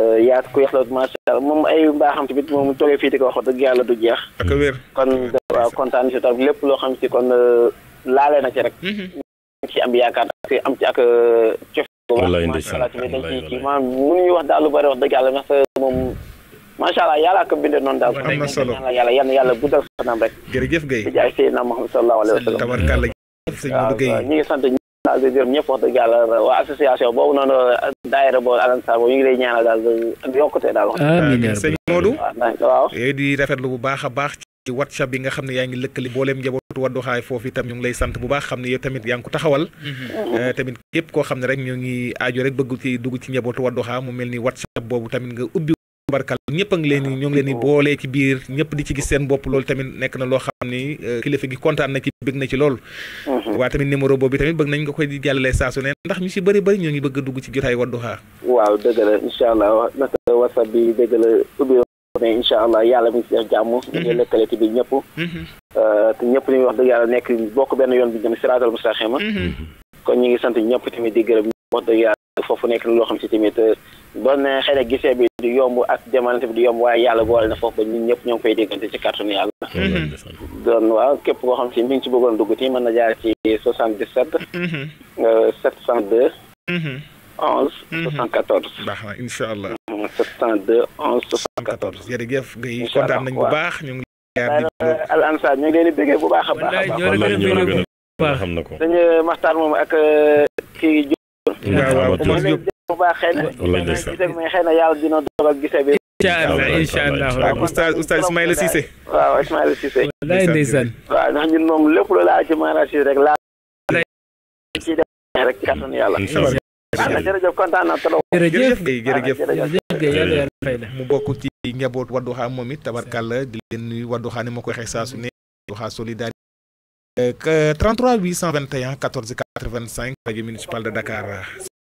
Euh, yaatu ku yax la macha allah moom ay mbaaxam tamit moom toogee fii di ko wax dëgg yàlla du jeex. ak wér kon waaw kontaan si tam lépp loo xam si kon euh, laale na ci rek. ci mhm. am yaakaar euh, wax daal lu bari wax dëgg yàlla ndax moom. macha allah yàlla ko bindee noonu daal. am na solo yàlla yan yàlla guddal fanam rek. jërëjëf Guèye di jaay Seydina Mouhamed sallallahu alayhi wa sallam. tabarkàlla ñu ngi sant message di gërëm ñëpp wax dëgg yàlla waa association boobu noonu daayira boobu Alan Sarr boobu ñu ngi lay ñaanal daal ak yokkute daal wax sëñ Modou waaw yooyu di rafetlu bu baax a baax ci WhatsApp bi nga xam ne yaa ngi lëkkali booleem njabootu Wadduha foofu itam ñu ngi lay sant bu baax xam ne yow tamit yaa ngi ko taxawal mm-hmm. eh, tamit képp koo xam ne rek ñoo ngi aajo rek bëgg ci dugg ci njabootu Wadduha mu mel ni WhatsApp boobu tamit nga ubbi barkal ñëpp a ngi leen ñoo ngi leen di boolee ci biir ñëpp di ci gis seen bopp loolu tamit nekk na loo xam ni euh, kilifa gi kontaan na ci bëgg na ci lool mhm. waa tamit numéro boobu tamit bëgg nañ nga koy di jàllale saa su ndax ñu si bëri bëri ñoo ngi bëgg a dugg ci jotaay Wadduha waaw dëgg la incha allah naka whatsapp bi dëgg la ubbi mhm. mhm. euh, wax nekk bokk benn yoon bi jëm siraatal mustaqima kon ñu ngi sant ñëpp tamit di gërëm foofu nekk na loo xam si tamit euh, bon xëy na gisee bi du yomb ak demalante bi du yomb waaye yàlla boole na foofu ba ñun ñëpp ñoo ngi koy déggante ci kàttanu yàlla. Mm-hmm. doon waaw képp koo xam si mi ngi ci bëggoon dugg ci mën na jaar ci 77. 702. 11. 74. baax na incha allah. 702 11. 74 jërëjëf Guèye kontaan nañ bu baax al ansar ñu ngi leen di bu baax a baax a baax. wallaay a na ko. dañu maxtaan moom ak euh, kii. bu baax xëy na xëy na yàlla dina dogal gise bi incha allah incha allah waaw oustaz oustaz Ismaïla Cissé waaw Ismaïla Cissé wallaay ndeysaan waaw ndax ñun moom lépp lu la ci maraîchage rek laa ci def rek kàttan yàlla jërëjëf kontaan na trop jërëjëf jërëjëf mu bokk ci njaboot Wadduha moom it tabarkàlla di leen nuyu Wadduha ni ma ko waxee saa su ne Wadduha solidarité Euh, cent et 33 821 14 85 rajo municipal de Dakar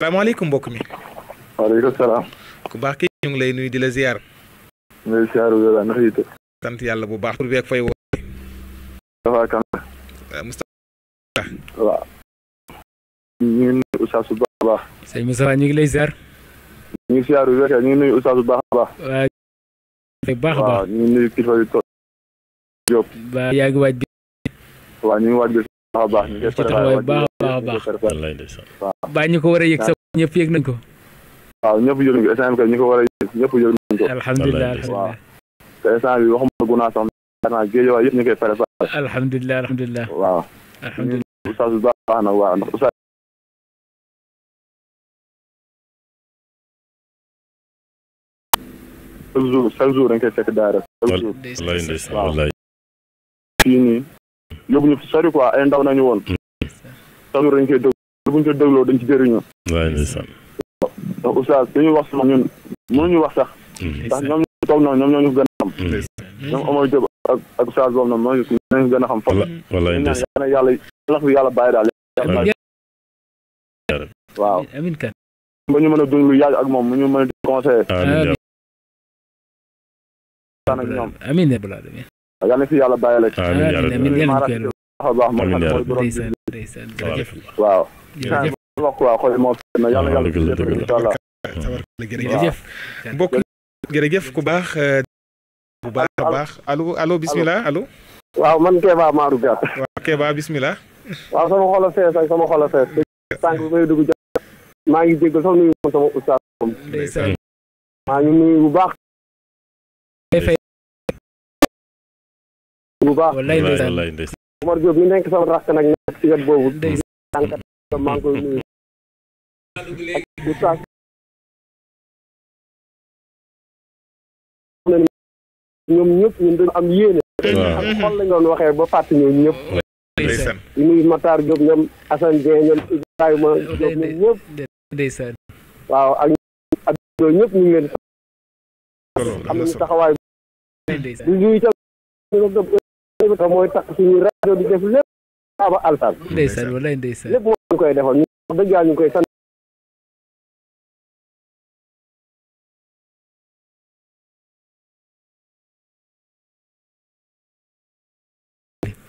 salaamaaleykum bokk mi. waaleykum salaam. ku baax kii ñu lay nuyu di la ziar. nuyu ziar bu yàlla ndax yitte. sant yàlla bu baax tur beeg fay woo. Moustapha Kan la. Moustapha. waaw. ñu ngi nuyu Oustaz baax a baax. sëñ ñu ngi lay ziar. ñu ngi ziar bu baax ñu ngi nuyu Oustaz bu baax a yaa ngi waaj waa ñu waaj baax a baax ñu ngi taxawaay baax a baax baa ñu ko war yëg baax baax na waaw ndax oustaz yóbbuñu fi sori quoi ay ndaw nañu woon. chaque jour dañ koy déglu buñ ko dégloo dañ ci jëriñu. waaw ndeysaan. donc oustaz dañuy wax sama ñun mënuñu wax sax. Hmm. ndax ñoom ñoo toog noonu ñoom ñoo ñu gën a xam. Hmm. ñoom Omar Diop ak ak oustaz boobu noonu ñoo ñu gën a xam. wallaay ndeysaan ñu naan yàlla yàlla fi yàlla bàyyi daal. waaw amiin kat. ba ñu mën a dund lu yàgg ak moom mu ñu mën a conseillé. amiin amiin yàlla na fi yàlla bàyyi la ci. amiin yàlla na waaw baax man xam mooy borom waaw wax waaw xool moo fenn yàlla yàlla insha allah jërëjëf mbokk jërëjëf ku baax euh, bu baax a baax allo allo bismillah allo waaw man Kéba Maaru Gaat waaw Kéba bismillah waaw sama xol a fees ak sama xol a fees sànq bi maa ngi jéggal sax nuyu sama ustaas maa ngi nuyu bu baax bu baax. wallaay ndeysaan Omar Diop mi nekk sama rakk nag nekk si wet boobu. tànkat maa ngi koy nuyu. ak oustaz ñoom ñëpp ñun dañu am yéene. waaw xol lañ doon waxee ba fàtte ñoom ñëpp. ndeysaan di nuyu Matar Diop ñoom Assane Dieng ñoom Ibrahima Diop ñoom ñëpp. ndeysaan bi tax mooy di def lépp ndeysaan ndeysaan lépp ñu koy ñu dëgg yàlla ñu koy sant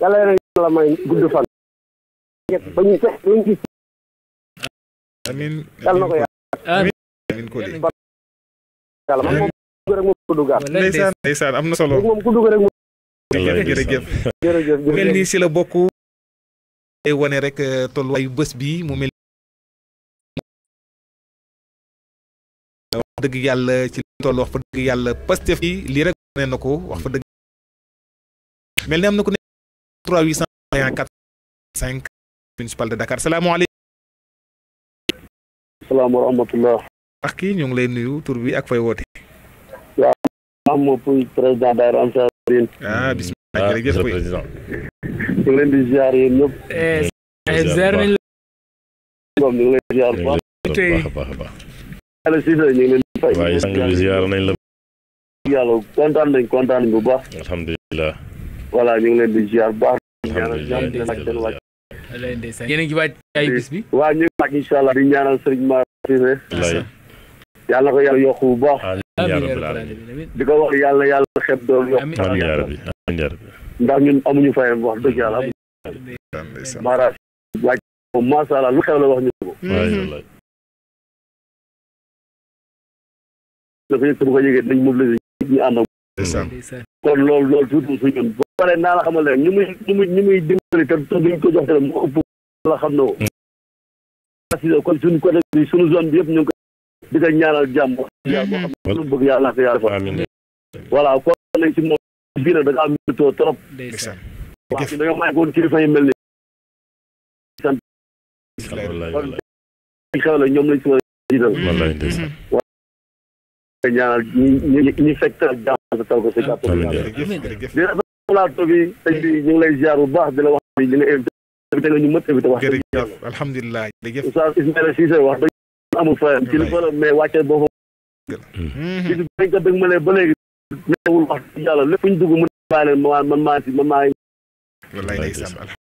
yàlla may gudd fan ba ñu yàlla na ko yàlla ko yàlla moom rek dugg ndeysaan ndeysaan am na solo moom jërëjëf jërëjëf jërëjëf mu mel ni si la bokk ay e wane rek tolluwaayu bés bi mu mel wax dëgg yàlla ci li toll wax fa dëgg yàlla Pastef yi lii rek wane na ko wax fa dëgg mel ni am na ku ne de Dakar salaamaaleykum salaam wa rahmatullah ak kii ñu ngi lay nuyu tur bi ak fay woote waaw am président daayira yéen. ah bisimilah ah, jërëjëf oui président. ñu ngi leen di ziar yéen ñëpp. ziar nañ la. ñu ngi leen di ziar bu baax. tey Aliou Cissé ñu ngi leen di fay. waaye sang bi ziar nañ la. yàlla kontaan nañ kontaan nañ bu baax. alhamdulilah. voilà ñu ngi leen di ziar bu baax. alhamdulilah yéen a ngi waaj ay bis bi. waaw ñu ngi waaj incha allah di ñaanal sëriñ Mara Cissé. yàlla na ko yàlla yokk bu baax. yaa rabbal aalamiin di ko wax yàlla yàlla xeb doon yokk amiin yaa rabbi amiin yaa dëgg yàlla maara waaj moom macha lu xew la wax ñu ko dafa yëg sama ko yëgee su ñun ba pare naa la xamal leen ñu muy ñu muy ñu muy dimbali duñ ko jox te mu ëpp la xam na ko mm. kon suñu côté bi yëpp ñu ngi di ko ñaanal jàmm. Mm-hmm. yàlla boo xam ne lu mu bëgg yàlla ko yàlla defal. voilà kon nag ci moom bii nag da nga am météo trop. ndeysaan waaw da nga may woon kilifa yi mel ni. sant xew la ñoom lañ si war a jiital. Mm-hmm. wallaay ndeysaan. waaw ñaanal ñi ñi fekk tal jàmm sa tal ko si kàttan yàlla. di rafetlu plateau bi sëñ bi ñu ngi lay ziar bu baax di la wax ni ñu ngi invité nga ñu mët invité wax. jërëjëf alhamdulilah jërëjëf Oustaz Ismaïla Cissé wax amul problème ci li problème mais wàcce boo fa isi dañ ko dëgg hmm. Hmm. ma ne ba léegi neewul wax yàlla lépp ñu dugg mën bàyyi leen ma man maa si man maa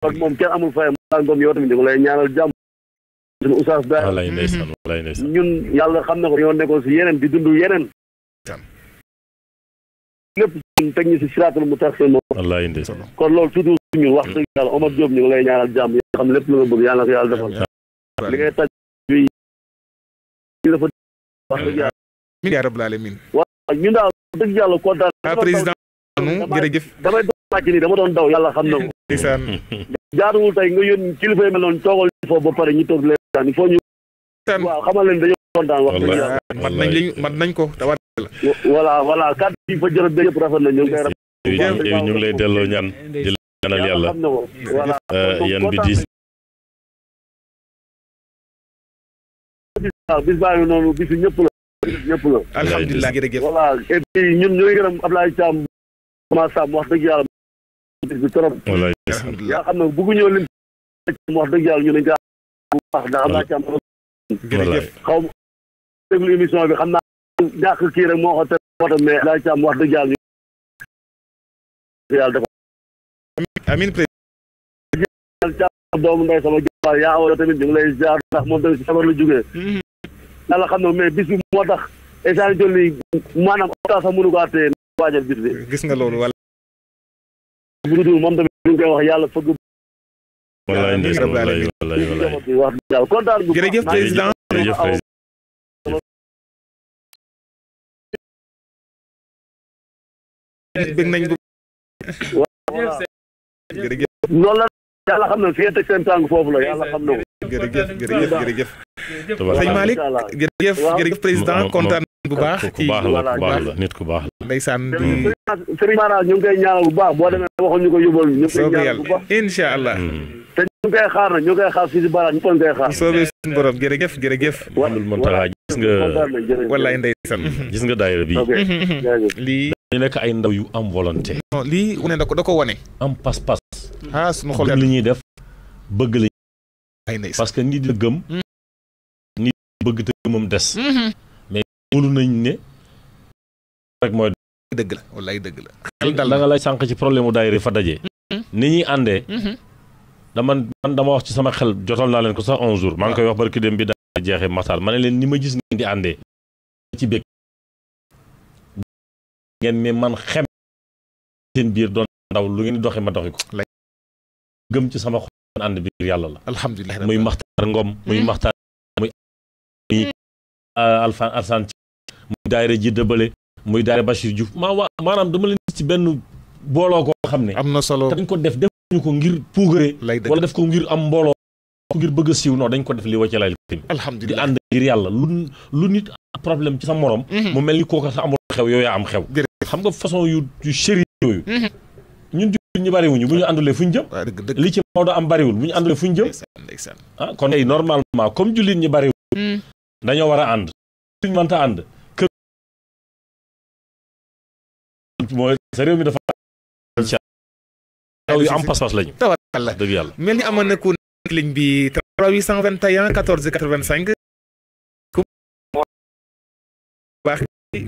kon moom kenn amul fayam aa ngoom yow tamit ñu lay ñaanal jàmm suñu oustaz daal hmm. ñun yàlla xam na ko ñoo nekkoon si yeneen di dund yeneen lépp suñ teg ñu si siraatul mu tax seen moom kon loolu surtout suñu wax dëgg yàlla Omar ñu ngi lay ñaanal jàmm yoo xam lépp lu nga bëgg yàlla na ko yàlla Miliar faut wax dëgg yàlla min yaa rabbal alamin waaw ñun daal dëgg yàlla kontaan ah président nu jërëjëf damay doon laaj nii dama doon daw yàlla xam na ko ndeysaan jaaruwul tey nga waaw bis baa ngi noonu bisu ñëpp la. ñëpp la. alhamdulilah jërëjëf voilà et puis ñun ñooy gërëm Ablaye Thiam. ma Sam wax dëgg yàlla. bis bi trop. walaay yaa xam ne bëggu ñëw wax dëgg yàlla ñu ne gars bu baax ndax Ablaye Thiam. jërëjëf xaw ma bi xam naa ñàkk kii rek moo ko tere woote mais Ablaye Thiam wax dëgg yàlla ñu. yàlla dafa. yàlla xam ne mais bis bi moo tax instant yi gis nga loolu wala. li ñu koy wax yàlla fëgg. walaay ndeysaan walaay walaay walaay kontaan bu jërëjëf la yàlla xam ne fi nga teg seen tàng foofu la yàlla xam na ko. jërëjëf jërëjëf sëñ Malick jërëjëf jërëjëf président kontaan bu baax ci voilà bu baax la nit ku baax la. ndeysaan di sëriñ Mara ñu ngi koy ñaanal bu baax boo demee waxoon ñu ko yóbbal ñu koy ñaanal bu baax incha allah. Mm. te ñu koy xaar nag ñu koy xaar fii si bara ñu koy xaar. soobee suñu borom gis nga wallaay ndeysaan. Mm. gis nga daayira mm-hmm. lii dañu nekk ay ndaw yu am volonté. lii wane da ko da ko wane. am pas-pas. ah suñu xol li ñuy def bëgg li parce que nit di gëm mm. bëgg te des mhm. mais wóolu nañ ne rek mooy dëgg la wallaay dëgg la da nga lay sànq ci problème fa mhm. ni mhm. man dama wax ci sama xel jotal naa leen ko sax onze jours maa koy wax barki dem bi daal jeexee Matar ma ne ni ma gis ngeen di àndee ci bëgg ngeen mais man xem seen biir doon ndaw lu ngeen ma ko gëm ci sama xol biir la muy ngom muy maxtaar Euh, alfan alsan muy daayira ji dëbale muy daayira Bachir Diouf maa waa maanaam dama leen gis ci benn booloo koo xam ne am na solo dañ ko def defuñu ko ngir puugare wala def ko ngir am mbooloo ngir bëgg a siiw non dañ ko def li wacca lay di ànd ngir yàlla lu lu nit problème ci sa moroom mhm. mu mel ni kooka sa amul xew yooyu am xew xam nga façon yu yu chéri yooyu mhm. ñun jur ñu bariwuñu bu ñu àndulee fu ñu jëm li ci Maodo am bariwul bu ñu àndulee fu ñu jëm ah kon tey normalement comme dañoo war a ànd suñ mënta ànd kër mooy sa réew mi dafa taw yu am pas-pas lañu dëgg yàlla mel ni amoon na ku nekk ligne bi 3 821 14 85 ku baax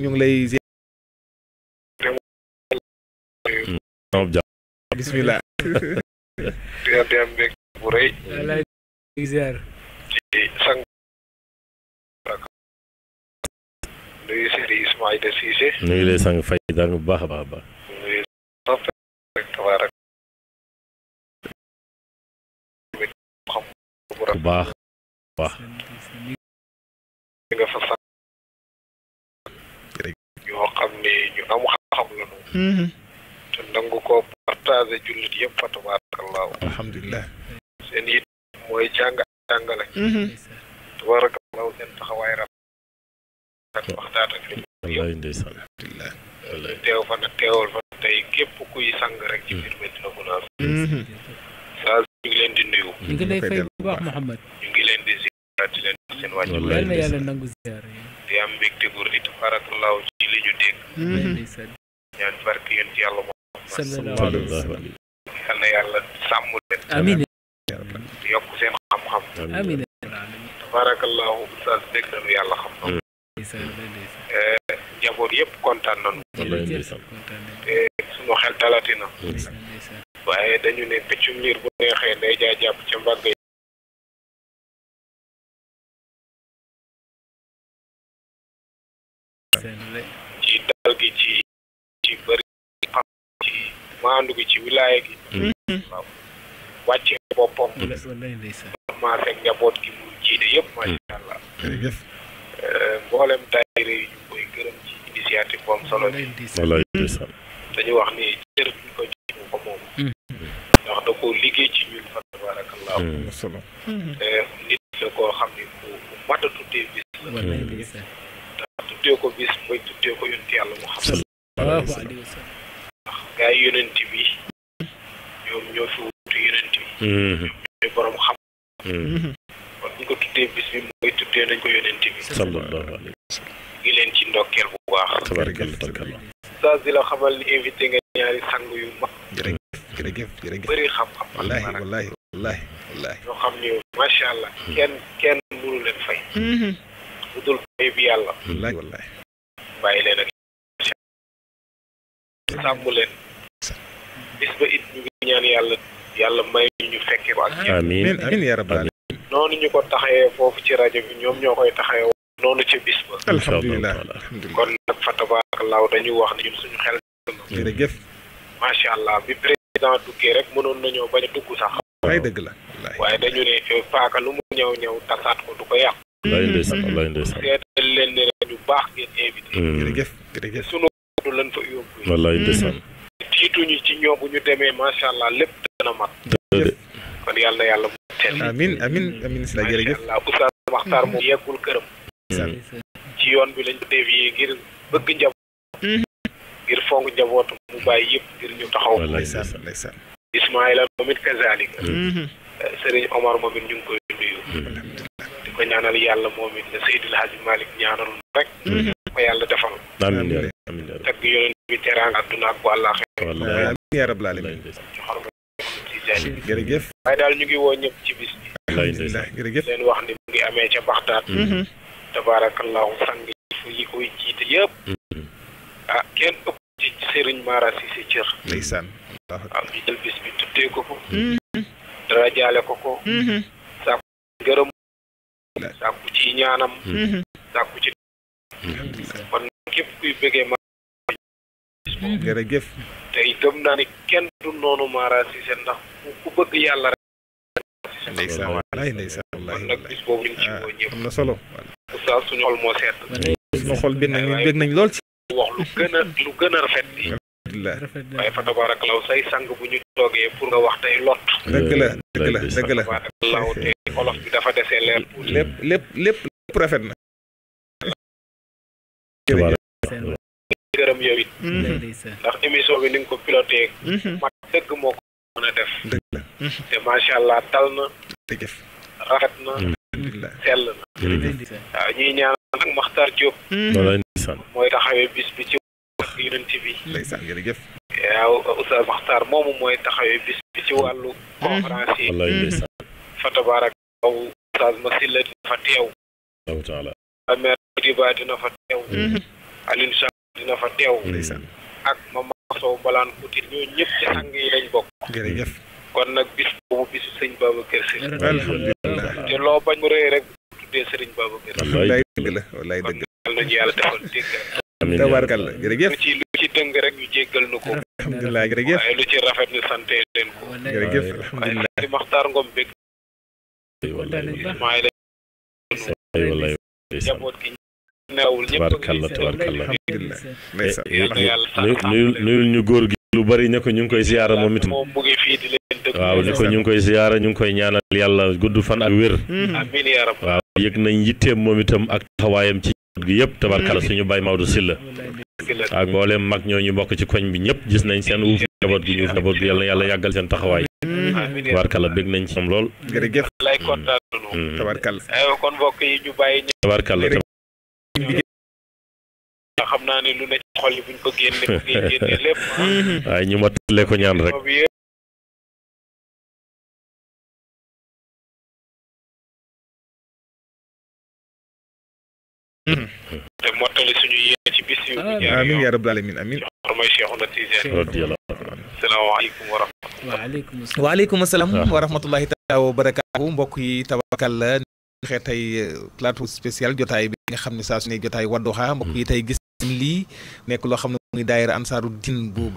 ñu ngi lay ziar bismillah ziar maa ngi lay Cissé. nuyu lay sang fay daal bu baax a baax a baax. nuyu rek bu nga fa sax ñoo xam ne ñu am xam-xam la ñu. Mm-hmm. te nangu ko partagé jullit yëpp fa tabaarakallaahu. alhamdulilah. seen it mooy jàng jàngale. Mm-hmm. tabaarakallaahu seen taxawaay ak waxtaan ak li wallaay ndeysaan teew fa nag teewal fa tey képp kuy sang rek ci hmm. biir Medina Gounass mhm. saa su ñu ngi leen di nuyu ñu ngi lay fay bu baax Mouhamed ñu ngi leen di ziyaar di leen seen wàcc yal na yàlla nangu ziyaar di am mbégte gu rëy tabaarakallaahu ci li ñu dégg mhm. hmm. ñaan barke yéen ci yàlla moom yal na yàlla sàmm leen amiin yokk seen xam-xam amiin tabaarakallaahu ustaas dégg nañu yàlla xam Eh, njaboot yëpp kontaan nañu te eh, suñu xel dalati na waaye dañu ne pëccum liir bu neexee day jaay jàpp ca mbagg yi ci dal gi ci ci bëri ci maandu gi ci wilaaya gi mm-hmm. waaw wàcce boppam maase njaboot gi mu jiite yëpp masha allah mm-hmm. mboolem daayira yi ñu koy gërëm ci initiative bu am solo bi. dañu wax ni cër bi ñu ko jox moom. Mm. ndax da koo liggéey ci ñun fa tabarakallahu. Mm. Mm-hmm. nit la koo xam ni ku mat a bis la. ndax ko bis mooy tuddee ko yonent yàlla mu xam. ndax gaa yi yonent bi ñoom ñoo fi wutu yonent bi. Mm-hmm. ñoom ñooy borom xam. Mm-hmm. kon ñu ko tuddee bis bi liggéey nañ ko yonent bi sallallahu alayhi wa sallam ngi leen ci ndokkeel bu baax tabarakalla tabarakalla saa si la xamal ni invité nga ñaari sang yu mag jërëjëf jërëjëf bëri xam-xam wallaahi wallaahi wallaahi wallaahi ñoo xam ni macha allah hmm. kenn kenn mënu leen fay bu hmm. dul fay bi yàlla wallaahi wallaahi bàyyi leen ak sàmm leen bis ba it ñu ngi ñaan yàlla yàlla may ñu fekke ko ak amiin amiin yaa rabbal noonu ñu ko taxawee foofu ci rajo bi ñoom ñoo koy taxawee noonu ca bis ba. alhamdulilah kon nag fa tabaarakallaahu dañuy wax ne ñun suñu xel. jërëjëf. macha allah bi président duggee rek mënoon nañoo bañ a dugg sax. waaye dëgg la. waaye dañu ne eh, paaka lu mu ñëw ñëw tasaat ko du ko yàq. lay ndeysaan lay ndeysaan. seetal leen ne ñu baax ngeen invité. Hmm. jërëjëf jërëjëf sunu du lan fa yóbbu. wallaay ndeysaan. Hmm. tiituñu ci ñoom bu ñu demee macha allah lépp dana mat. kon yàlla yàlla mottali amin amin mm. amin si la jërëjëf allah oustaz Maxtaar moom yeggul këram mm. Mm. ci yoon bi lañ ko dévié ngir bëgg njaboot mm-hmm. ngir fonk njabootu mu bàyyi yëpp ngir ñu taxaw Ismaïla moom it kazalik mm-hmm. eh, Sëriñ Omar moom it ñu ngi koy nuyu di ko ñaanal yàlla moom it la Seydil Hadji Malick ñaanal rek mm-hmm. ko yàlla defal amiin amiin tagg bi teraanga àdduna ak ko àllaaxira amiin yaa rabbal aalamiin seen bi jërëjëf waaye daal ñu ngi woo ñëpp ci bis bi alhamdulilah jërëjëf leen wax ni mu ngi amee ca baxtaat mm-hmm. mm-hmm. tabaarakallahu sang yi koy jiite yëpp mm-hmm. ah kenn sëriñ Mara Cissé cër ndeysaan waaw ah, ñu jël bis bi tuddee ko ko dara jaale ko ko sàkku ci ñaanam sàkku ci kon képp kuy bëggee ma Mm-hmm. jërëjëf. te gëm naa ne kenn du noonu Mara Cissé ndax ku bëgg yàlla rek. ndeysaan wallaay ndeysaan wallaay nag bis boobu ñu ci ah, woo ñëpp am na solo. oustaz suñu xol moo seet. suñu xol bi nañ bég nañ lool ci. wax lu gën a lu gën a rafet bi. waaye fa law say sang bu ñu toogee pour nga wax tey lot. dëgg la dëgg la dëgg la. tabaarakalaw tey xolof bi dafa desee leer. lépp lépp lépp rafet na. gërëm yow it mm-hmm. ndax émission bi ni nga ko piloté mm-hmm. mag dëgg moo ko mën a def mm-hmm. te macha allah tal na rafet na sell na waaw ñuy ñaanal nag Makhtar Diop mooy taxawee bis bi ci wax mooy taxawee bis bi ci wàllu conférence yi fa tabaarak aw Oustaz Masila dina fa teew amer di ba dina fa teew Alioune dina fa teew hmm. ak mama sow balaan kutir ñoo ñëpp ci sang yi lañ bokk jërëjëf kon nag bis boobu bisu sëñ Babacar Si alhamdulillah te loo bañ mu rëy rek tuddee sëriñ Babacar Si wallaay dëgg la wallaay dëgg la ñu yàlla defal dégg tabarkal la jërëjëf ci lu ci dëng rek ñu jéggal nu ko alhamdulillah jërëjëf waaye lu ci rafet ñu sante leen ko jërëjëf alhamdulillah waaye Maxtaar Ngom bég wallaay wallaay jaboot gi tabarkalla la nuyul nuyul ñu góor gi lu bari ne ko ñu ngi koy ziyaara moom itam waaw ne ñu ngi koy ziyaara ñu ngi koy ñaanal yàlla gudd fan ak wér mm-hmm. waaw yëg nañ yitteem moom itam ak taxawaayam ci gi yëpp tabarkalla suñu Baye Maodo Sylla ak mboolem mag ñoo ñu bokk ci koñ bi ñëpp gis nañ seen uuf njaboot gi ñu uuf yàlla yàlla yàggal seen taxawaay tabarkalla nañ ci ñoom lool mm. tabarkalla eh, tabarkalla nga xam waaye ñu matale ko mm-hmm. te mottali suñu yéene ci bis yu amiin yaa rabbal alamin amiin mooy Cheikhuna Tidiane salaamaaleykum wa rahmatulah wa barakaatu mbokk yi tawakkal la xee tey spécial jotaay bi nga xam ne saa su jotaay Wadduha mbokk yi tey gis lii nekk loo xam ne muy daayira ansaaru din bu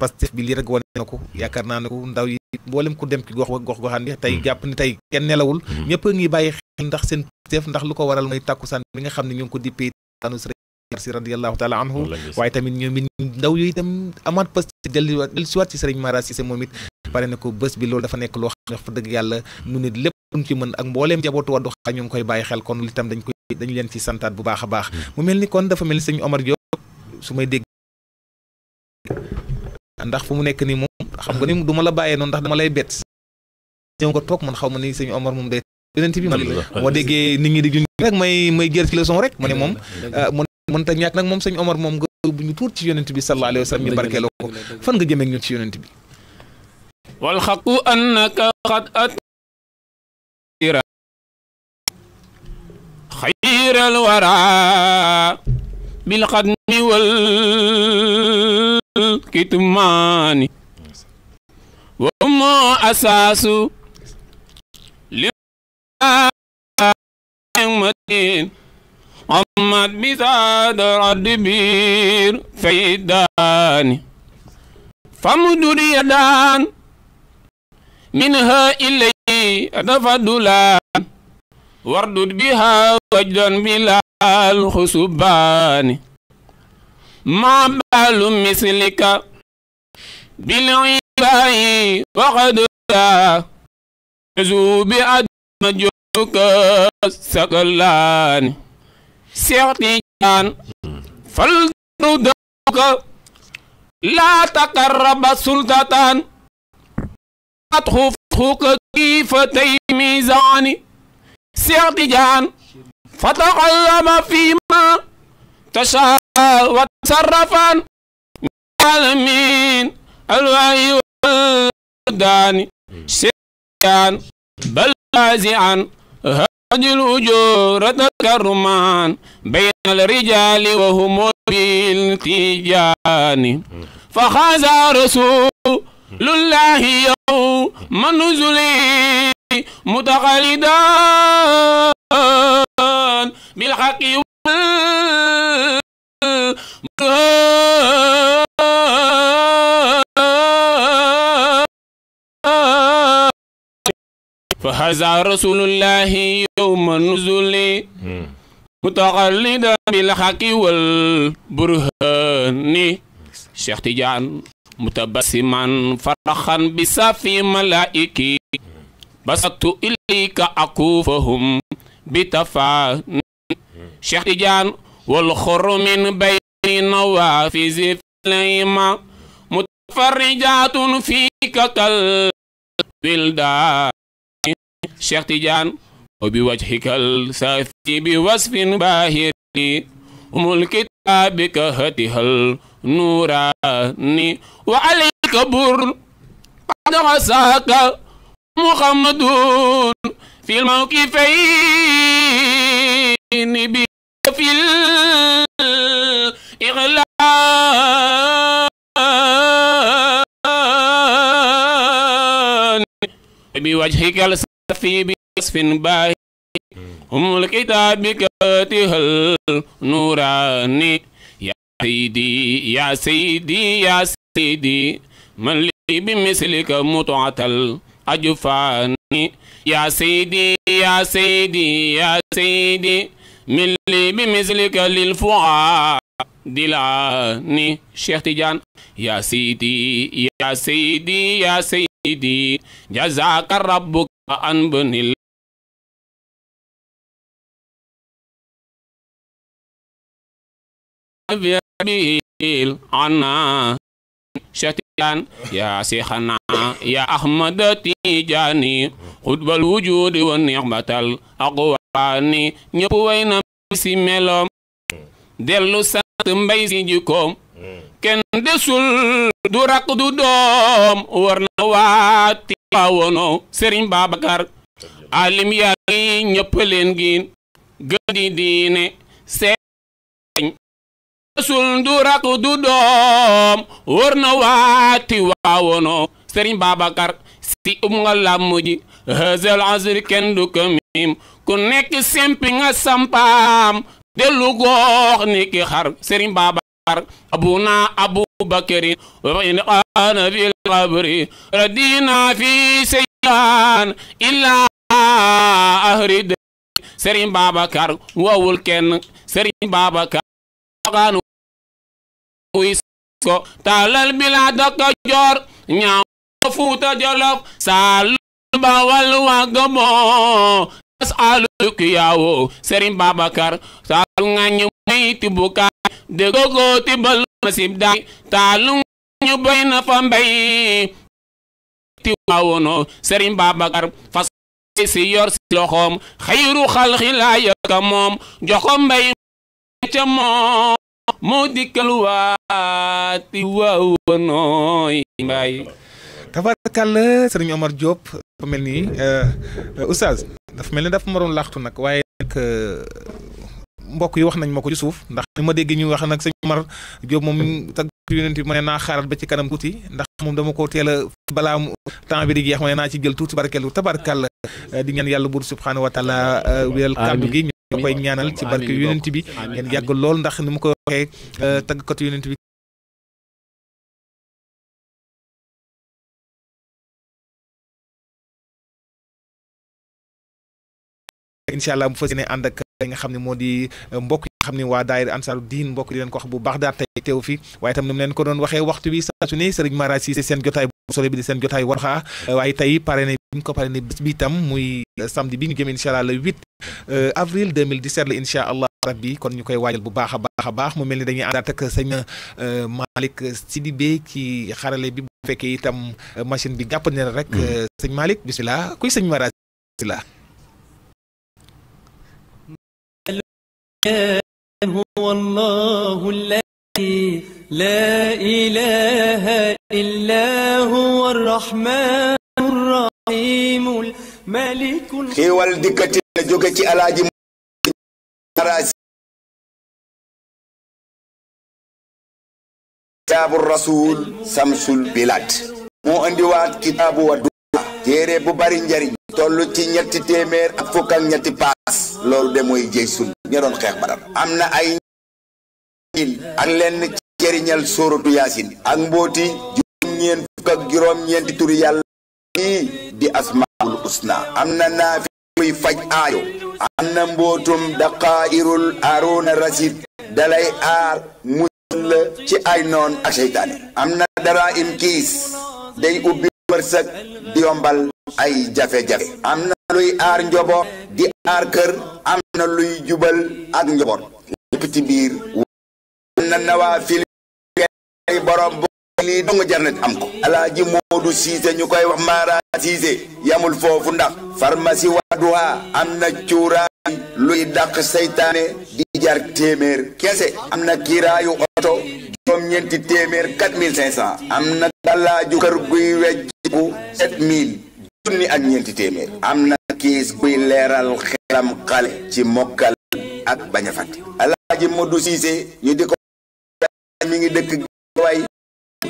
Pastef bi lii rek wane na ko yaakaar naa ne ko ndaw yi mboolem ku dem ci gox gox goxaan yi tey jàpp ni tey kenn nelawul ñëpp a ngi bàyyi xel ndax seen Pastef ndax lu ko waral mooy tàkkusaan bi nga xam ne ñu ngi ko dippee taanu sëriñ Marsi radiyallahu taala anhu waaye tamit ñoom it ndaw yooyu itam amaat Pastef delluwaat dellusiwaat ci sëriñ Mara Cissé moom it pare na ko bés bi loolu dafa nekk loo xam ne wax dëgg yàlla mu ne lépp lu ci mën ak mbooleem jabootu Wadduha ñoo ngi koy bàyyi xel kon li tam dañ koy dañu leen ci santat bu baax a baax mu melni kon dafa mel seigne Omar Diop sumay deg ndax fu mu nek ni mom xam nga ni duma la baye non ndax dama lay bet ñëw ko tok man xawma ni seigne Omar moom day yonent bi mo déggee nit ñi di jun rek may may gër ci leçon rek mané mom moom mu ñak nak mom seigne Omar mom nga bu ñu tour ci yonent bi sallallahu alayhi wasallam sallam ñu barkeeloo ko fan nga jëmeeg ñu ci yonent bi wal haqu annaka qad at خير الورى بالقدم والكتمان وهم أساس لمدين أمت بزاد الدبير فيدان فمدر يدان منها إلي تفضلان وردد بها وجد بلا الخسبان ما بال مثلك بالعباء وقد لا يزوب أدم جوك سكلان سيغتي جان فلتردوك لا تقرب سلطتان أتخفوك كيف تيميزاني سيغتي جان فتعلم فيما تشاء وتصرفا العالمين الوعي والداني سيان بل لازعا هاج الأجور تكرمان بين الرجال وهم بالتجان فخاز رسول الله يوم نزلي متقلدا بالحق فهذا رسول الله يوم النزول متقلدا بالحق والبرهان شيخ تيجان متبسما فرحا بسافي ملائكي بسطت إليك أكوفهم بتفا شيخ تجان والخر من بين نوافذ فليما متفرجات فيك كالبلدان شيخ تجان وبوجهك الساثي بوصف باهر وملك كتابك هته النوراني وعليك بر قد غساك محمدون في الموقفين في الإغلال بوجهك السفي بصف باهي أم الكتاب كاته النوراني يا سيدي يا سيدي يا سيدي من لي بمثلك متعة الأجفاني يا سيدي يا سيدي يا سيدي من اللي بمثلك للفؤاد دلاني شيخ تيجان يا سيدي يا سيدي يا سيدي جزاك ربك عن بن الله عنا شتيان يا شيخنا يا أحمد تيجاني خطب الوجود والنعمة الأقواني ñëpp way na si meloom dellu sant mbay si kenn desul du rakk du doom war na waati waawono Serigne Babacar alim yaa ngi leen gin gën di diine sul du rak du doom wóor na waati waawono Serigne Babacar si um nga làmm ji hësël kenn du ko ku nekk sempi nga sampaam dellu goox ni ki xar Serigne Babacar abu naa abu bakari ana fi qabri radina fi seyaan illa ahri Serigne Babacar wowul kenn Serigne Babacar xaanu ko taalal bilaa daka joor ñaaw fuuta jolof saalum bawal waa gabon asalu kiyaawo Serigne Babacar saalu ngañu may tibukaay déggo ko tibal masib daay taalu ngañu bay na fa mbay tiwaawono Serigne Babacar fas si yor si loxoom xayru xalxi laa yëkka moom joxo mbay ca moom moo dikkal waati waaw nooy mbaay tabarkàlla sëriñ Omar Diop dafa mel ni euh, oustaz dafa mel ni dafa ma doon laxtu nag waaye nag euh, mbokk yi wax nañ ma ko ci suuf ndax ni ma dégg ñu wax nag sëñ Omar Diop moom tag yonent bi ma ne naa xaaral ba ci kanam tuuti ndax moom dama ko teel a balaa temps bi di jeex ma ne naa ci jël tuuti barkeelu tabarkàlla di ñaan yàlla buur subhaanahu wa taala euh, wéyal kàddu gi ñu koy ñaanal ci barke yonent bi ngeen yàgg lool ndax ni mu ko waxee tàggkat yonent bi incha allah bu fas yéene ànd ak li nga xam ne moo di mbokk yi nga xam ne waa daayira ansaaru diin mbokk di leen ko wax bu baax daal tey teew fi waaye tam ni mu leen ko doon waxee waxtu bi saa su ne Serigne Mara Cissé seen jotaay solo bi di seen jotaay Wadduha waaye tey parrainé bi ñu ko parrainé bis bi itam muy samedi bi ñu jëm incha allah le 8 avril 2017 la incha allah rabbi kon ñu koy waajal bu baax a baax a baax mu mel ni dañuy àndaat ak sëñ Malick Sidibé ci xarale bi bu fekkee itam machine bi jàpp ne rek sëñ Malick bisimilah kuy sëñ Mara bisimilah wallahu la ilaha illa الرحمن الرحيم الملك xéewal dikkati na ci alaaji maraasi kitaabu samsul bilaat moo andiwaat kitaabu wa duha bu bari njariñ toll ci ñetti téeméer ak fukk ak ñetti paas loolu de mooy jëy sun xeex badar am na ay ak lenn ci jëriñal sóoratu yaasin ak mbóoti juróom-ñeent fukk ak juróom-ñeenti turi di asmaul usna am na naafi muy faj aajo am na mbootum daqaayirul aarona rasid dalay aar musal ci ay noon ak seytaane am na dara im kiis day ubbi wërsëg di yombal ay jafe-jafe am na luy aar njaboot di aar kër am na luy jubal ak njaboot lépp ci biir am na nawaafil ay borom ni dong jar na am ko alaaji Moodu Siise ñu koy wax Mara Siise yamul fofu ndax pharmacie Wadduha am na cuuraay luy dàq seytane di jar témèr kessé amna kira yu auto juróom ñenti témèr 4500 amna cinq cent am kër guy wéccu 7000 mille ak ñenti témèr amna na kiis guy leeral xelam xale ci mokal ak baña fatte fàtte alaaji modou Siise ñu diko mi ngi dëkk way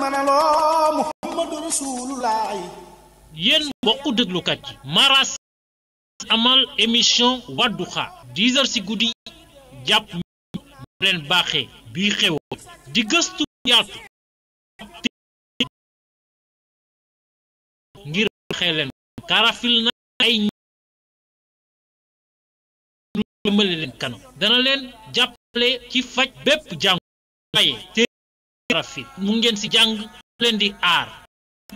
manaloo muhammadu rasulullahi yéen mbokku déglukat amal émission wadduxa dix ci guddi jàpp mu leen baaxee bii xewoo di gëstu yaatu ngir waxee leen ay ñi jëmale leen kanam dana leen jàppale ci faj bépp jàng maye trafic mu ngeen ci jang leen di ar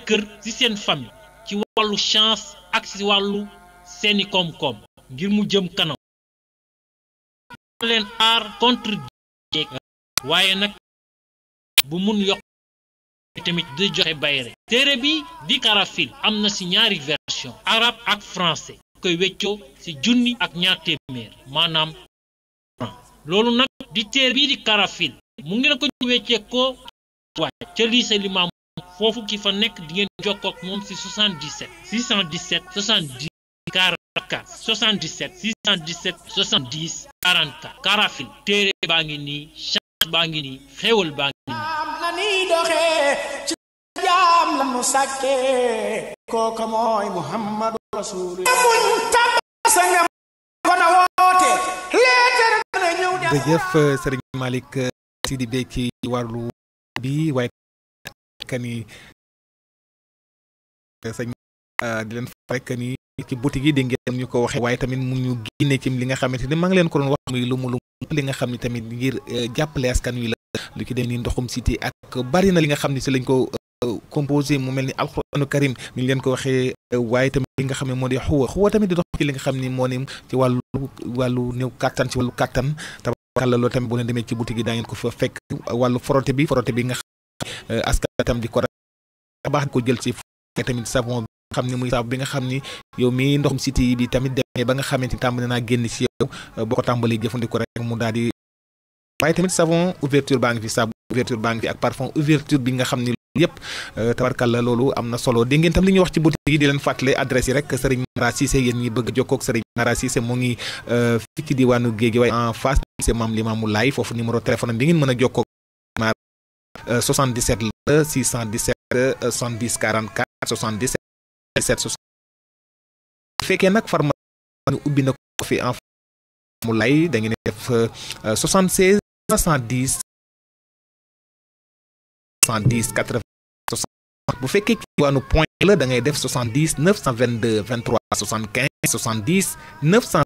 keur ci sen fami ci walu chance ak ci walu seni kom kom ngir mu jëm kanam leen ar contre waye nak bu mun tamit di joxe bayre téere bi di karafil amna ci ñaari version arab ak français koy wéccio ci junni ak ñaar témèr manam. lolu nak di téere bi di karafil mu ngeen ko wecceekoo waaye ca lycée Limam foofu ki fa nekk di ngeen jokkoo moom si 77 617 70 44 77 617 téere baa ngi nii chance baa ngi nii xéewal baa ngi nii jaam la nu sàkke kooka mooy muhammadu rasulullah jërëjëf sëriñ Malick Sidibé ci wàllu bi waaye kani ni euh, sañ euh, di leen fa rek ni ci boutique yi di ngeen ñu ko waxee waaye tamit mu ñu génne ci li nga xamante ni maa ngi leen ko doon wax muy lu mu lu li nga xam ni tamit ngir euh, jàppale askan wi la lu ci dem ni ndoxum cité ak bari na li nga xam ni si lañ ko composé mu mel ni alxuraanu karim ni ñu leen ko waxee waaye tamit li nga xam ne moo di xuwa xuwa tamit di dox ci li nga xam ni moo ni ci wàllu wàllu néew kàttan ci wàllu kàttan kala lo tam bu leen demé ci boutique yi daa ngeen ko fa fekk walu froté bi froté bi nga xam euh, tam di ko ra baax ko jël ci tamit savon xamni muy savon bi nga xamni ni yow mi ndoxum city bi tamit demé ba nga xamante tam na genn ci yow euh, boko tambali tàmbalee rek mu daldi di tamit savon ouverture bank fi savon ouverture bank fi ak parfum ouverture bi nga xamni ni yëpp euh, tabarkalla loolu amna solo dingin ngeen tam li ñu wax ci boutique yi di leen fàttali adresse yi rek Serigne Mara Cissé yeen ñi bëgg jokk ak Serigne Mara Cissé mo ngi ci geegi way en face ci maam Limaamu Laay foofu numéro téléphone bi ngeen mën a 77 la 617 70 44 77 77 bu fekkee nag pharmacie ubbi na ko fi en da ngeen def 76 70 70 80 bu fekkee ci waanu point la da ngay def 70 922 23 75 70 900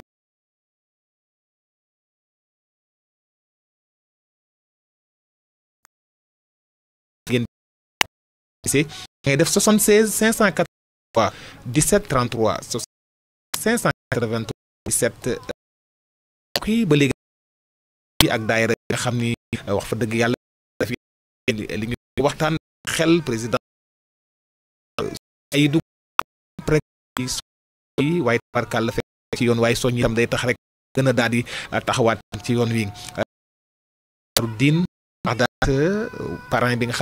si ngay def 76 583 17 33 583 17 kii ba léegi ak daayira nga xam euh, wax fa dëgg yàlla daf li ñu waxtaan xel président ay du préi waaye barkal la fekk ci yoon waaye soñ itam day tax rek daal di euh, taxawaat ci yoon wi euh, bi nga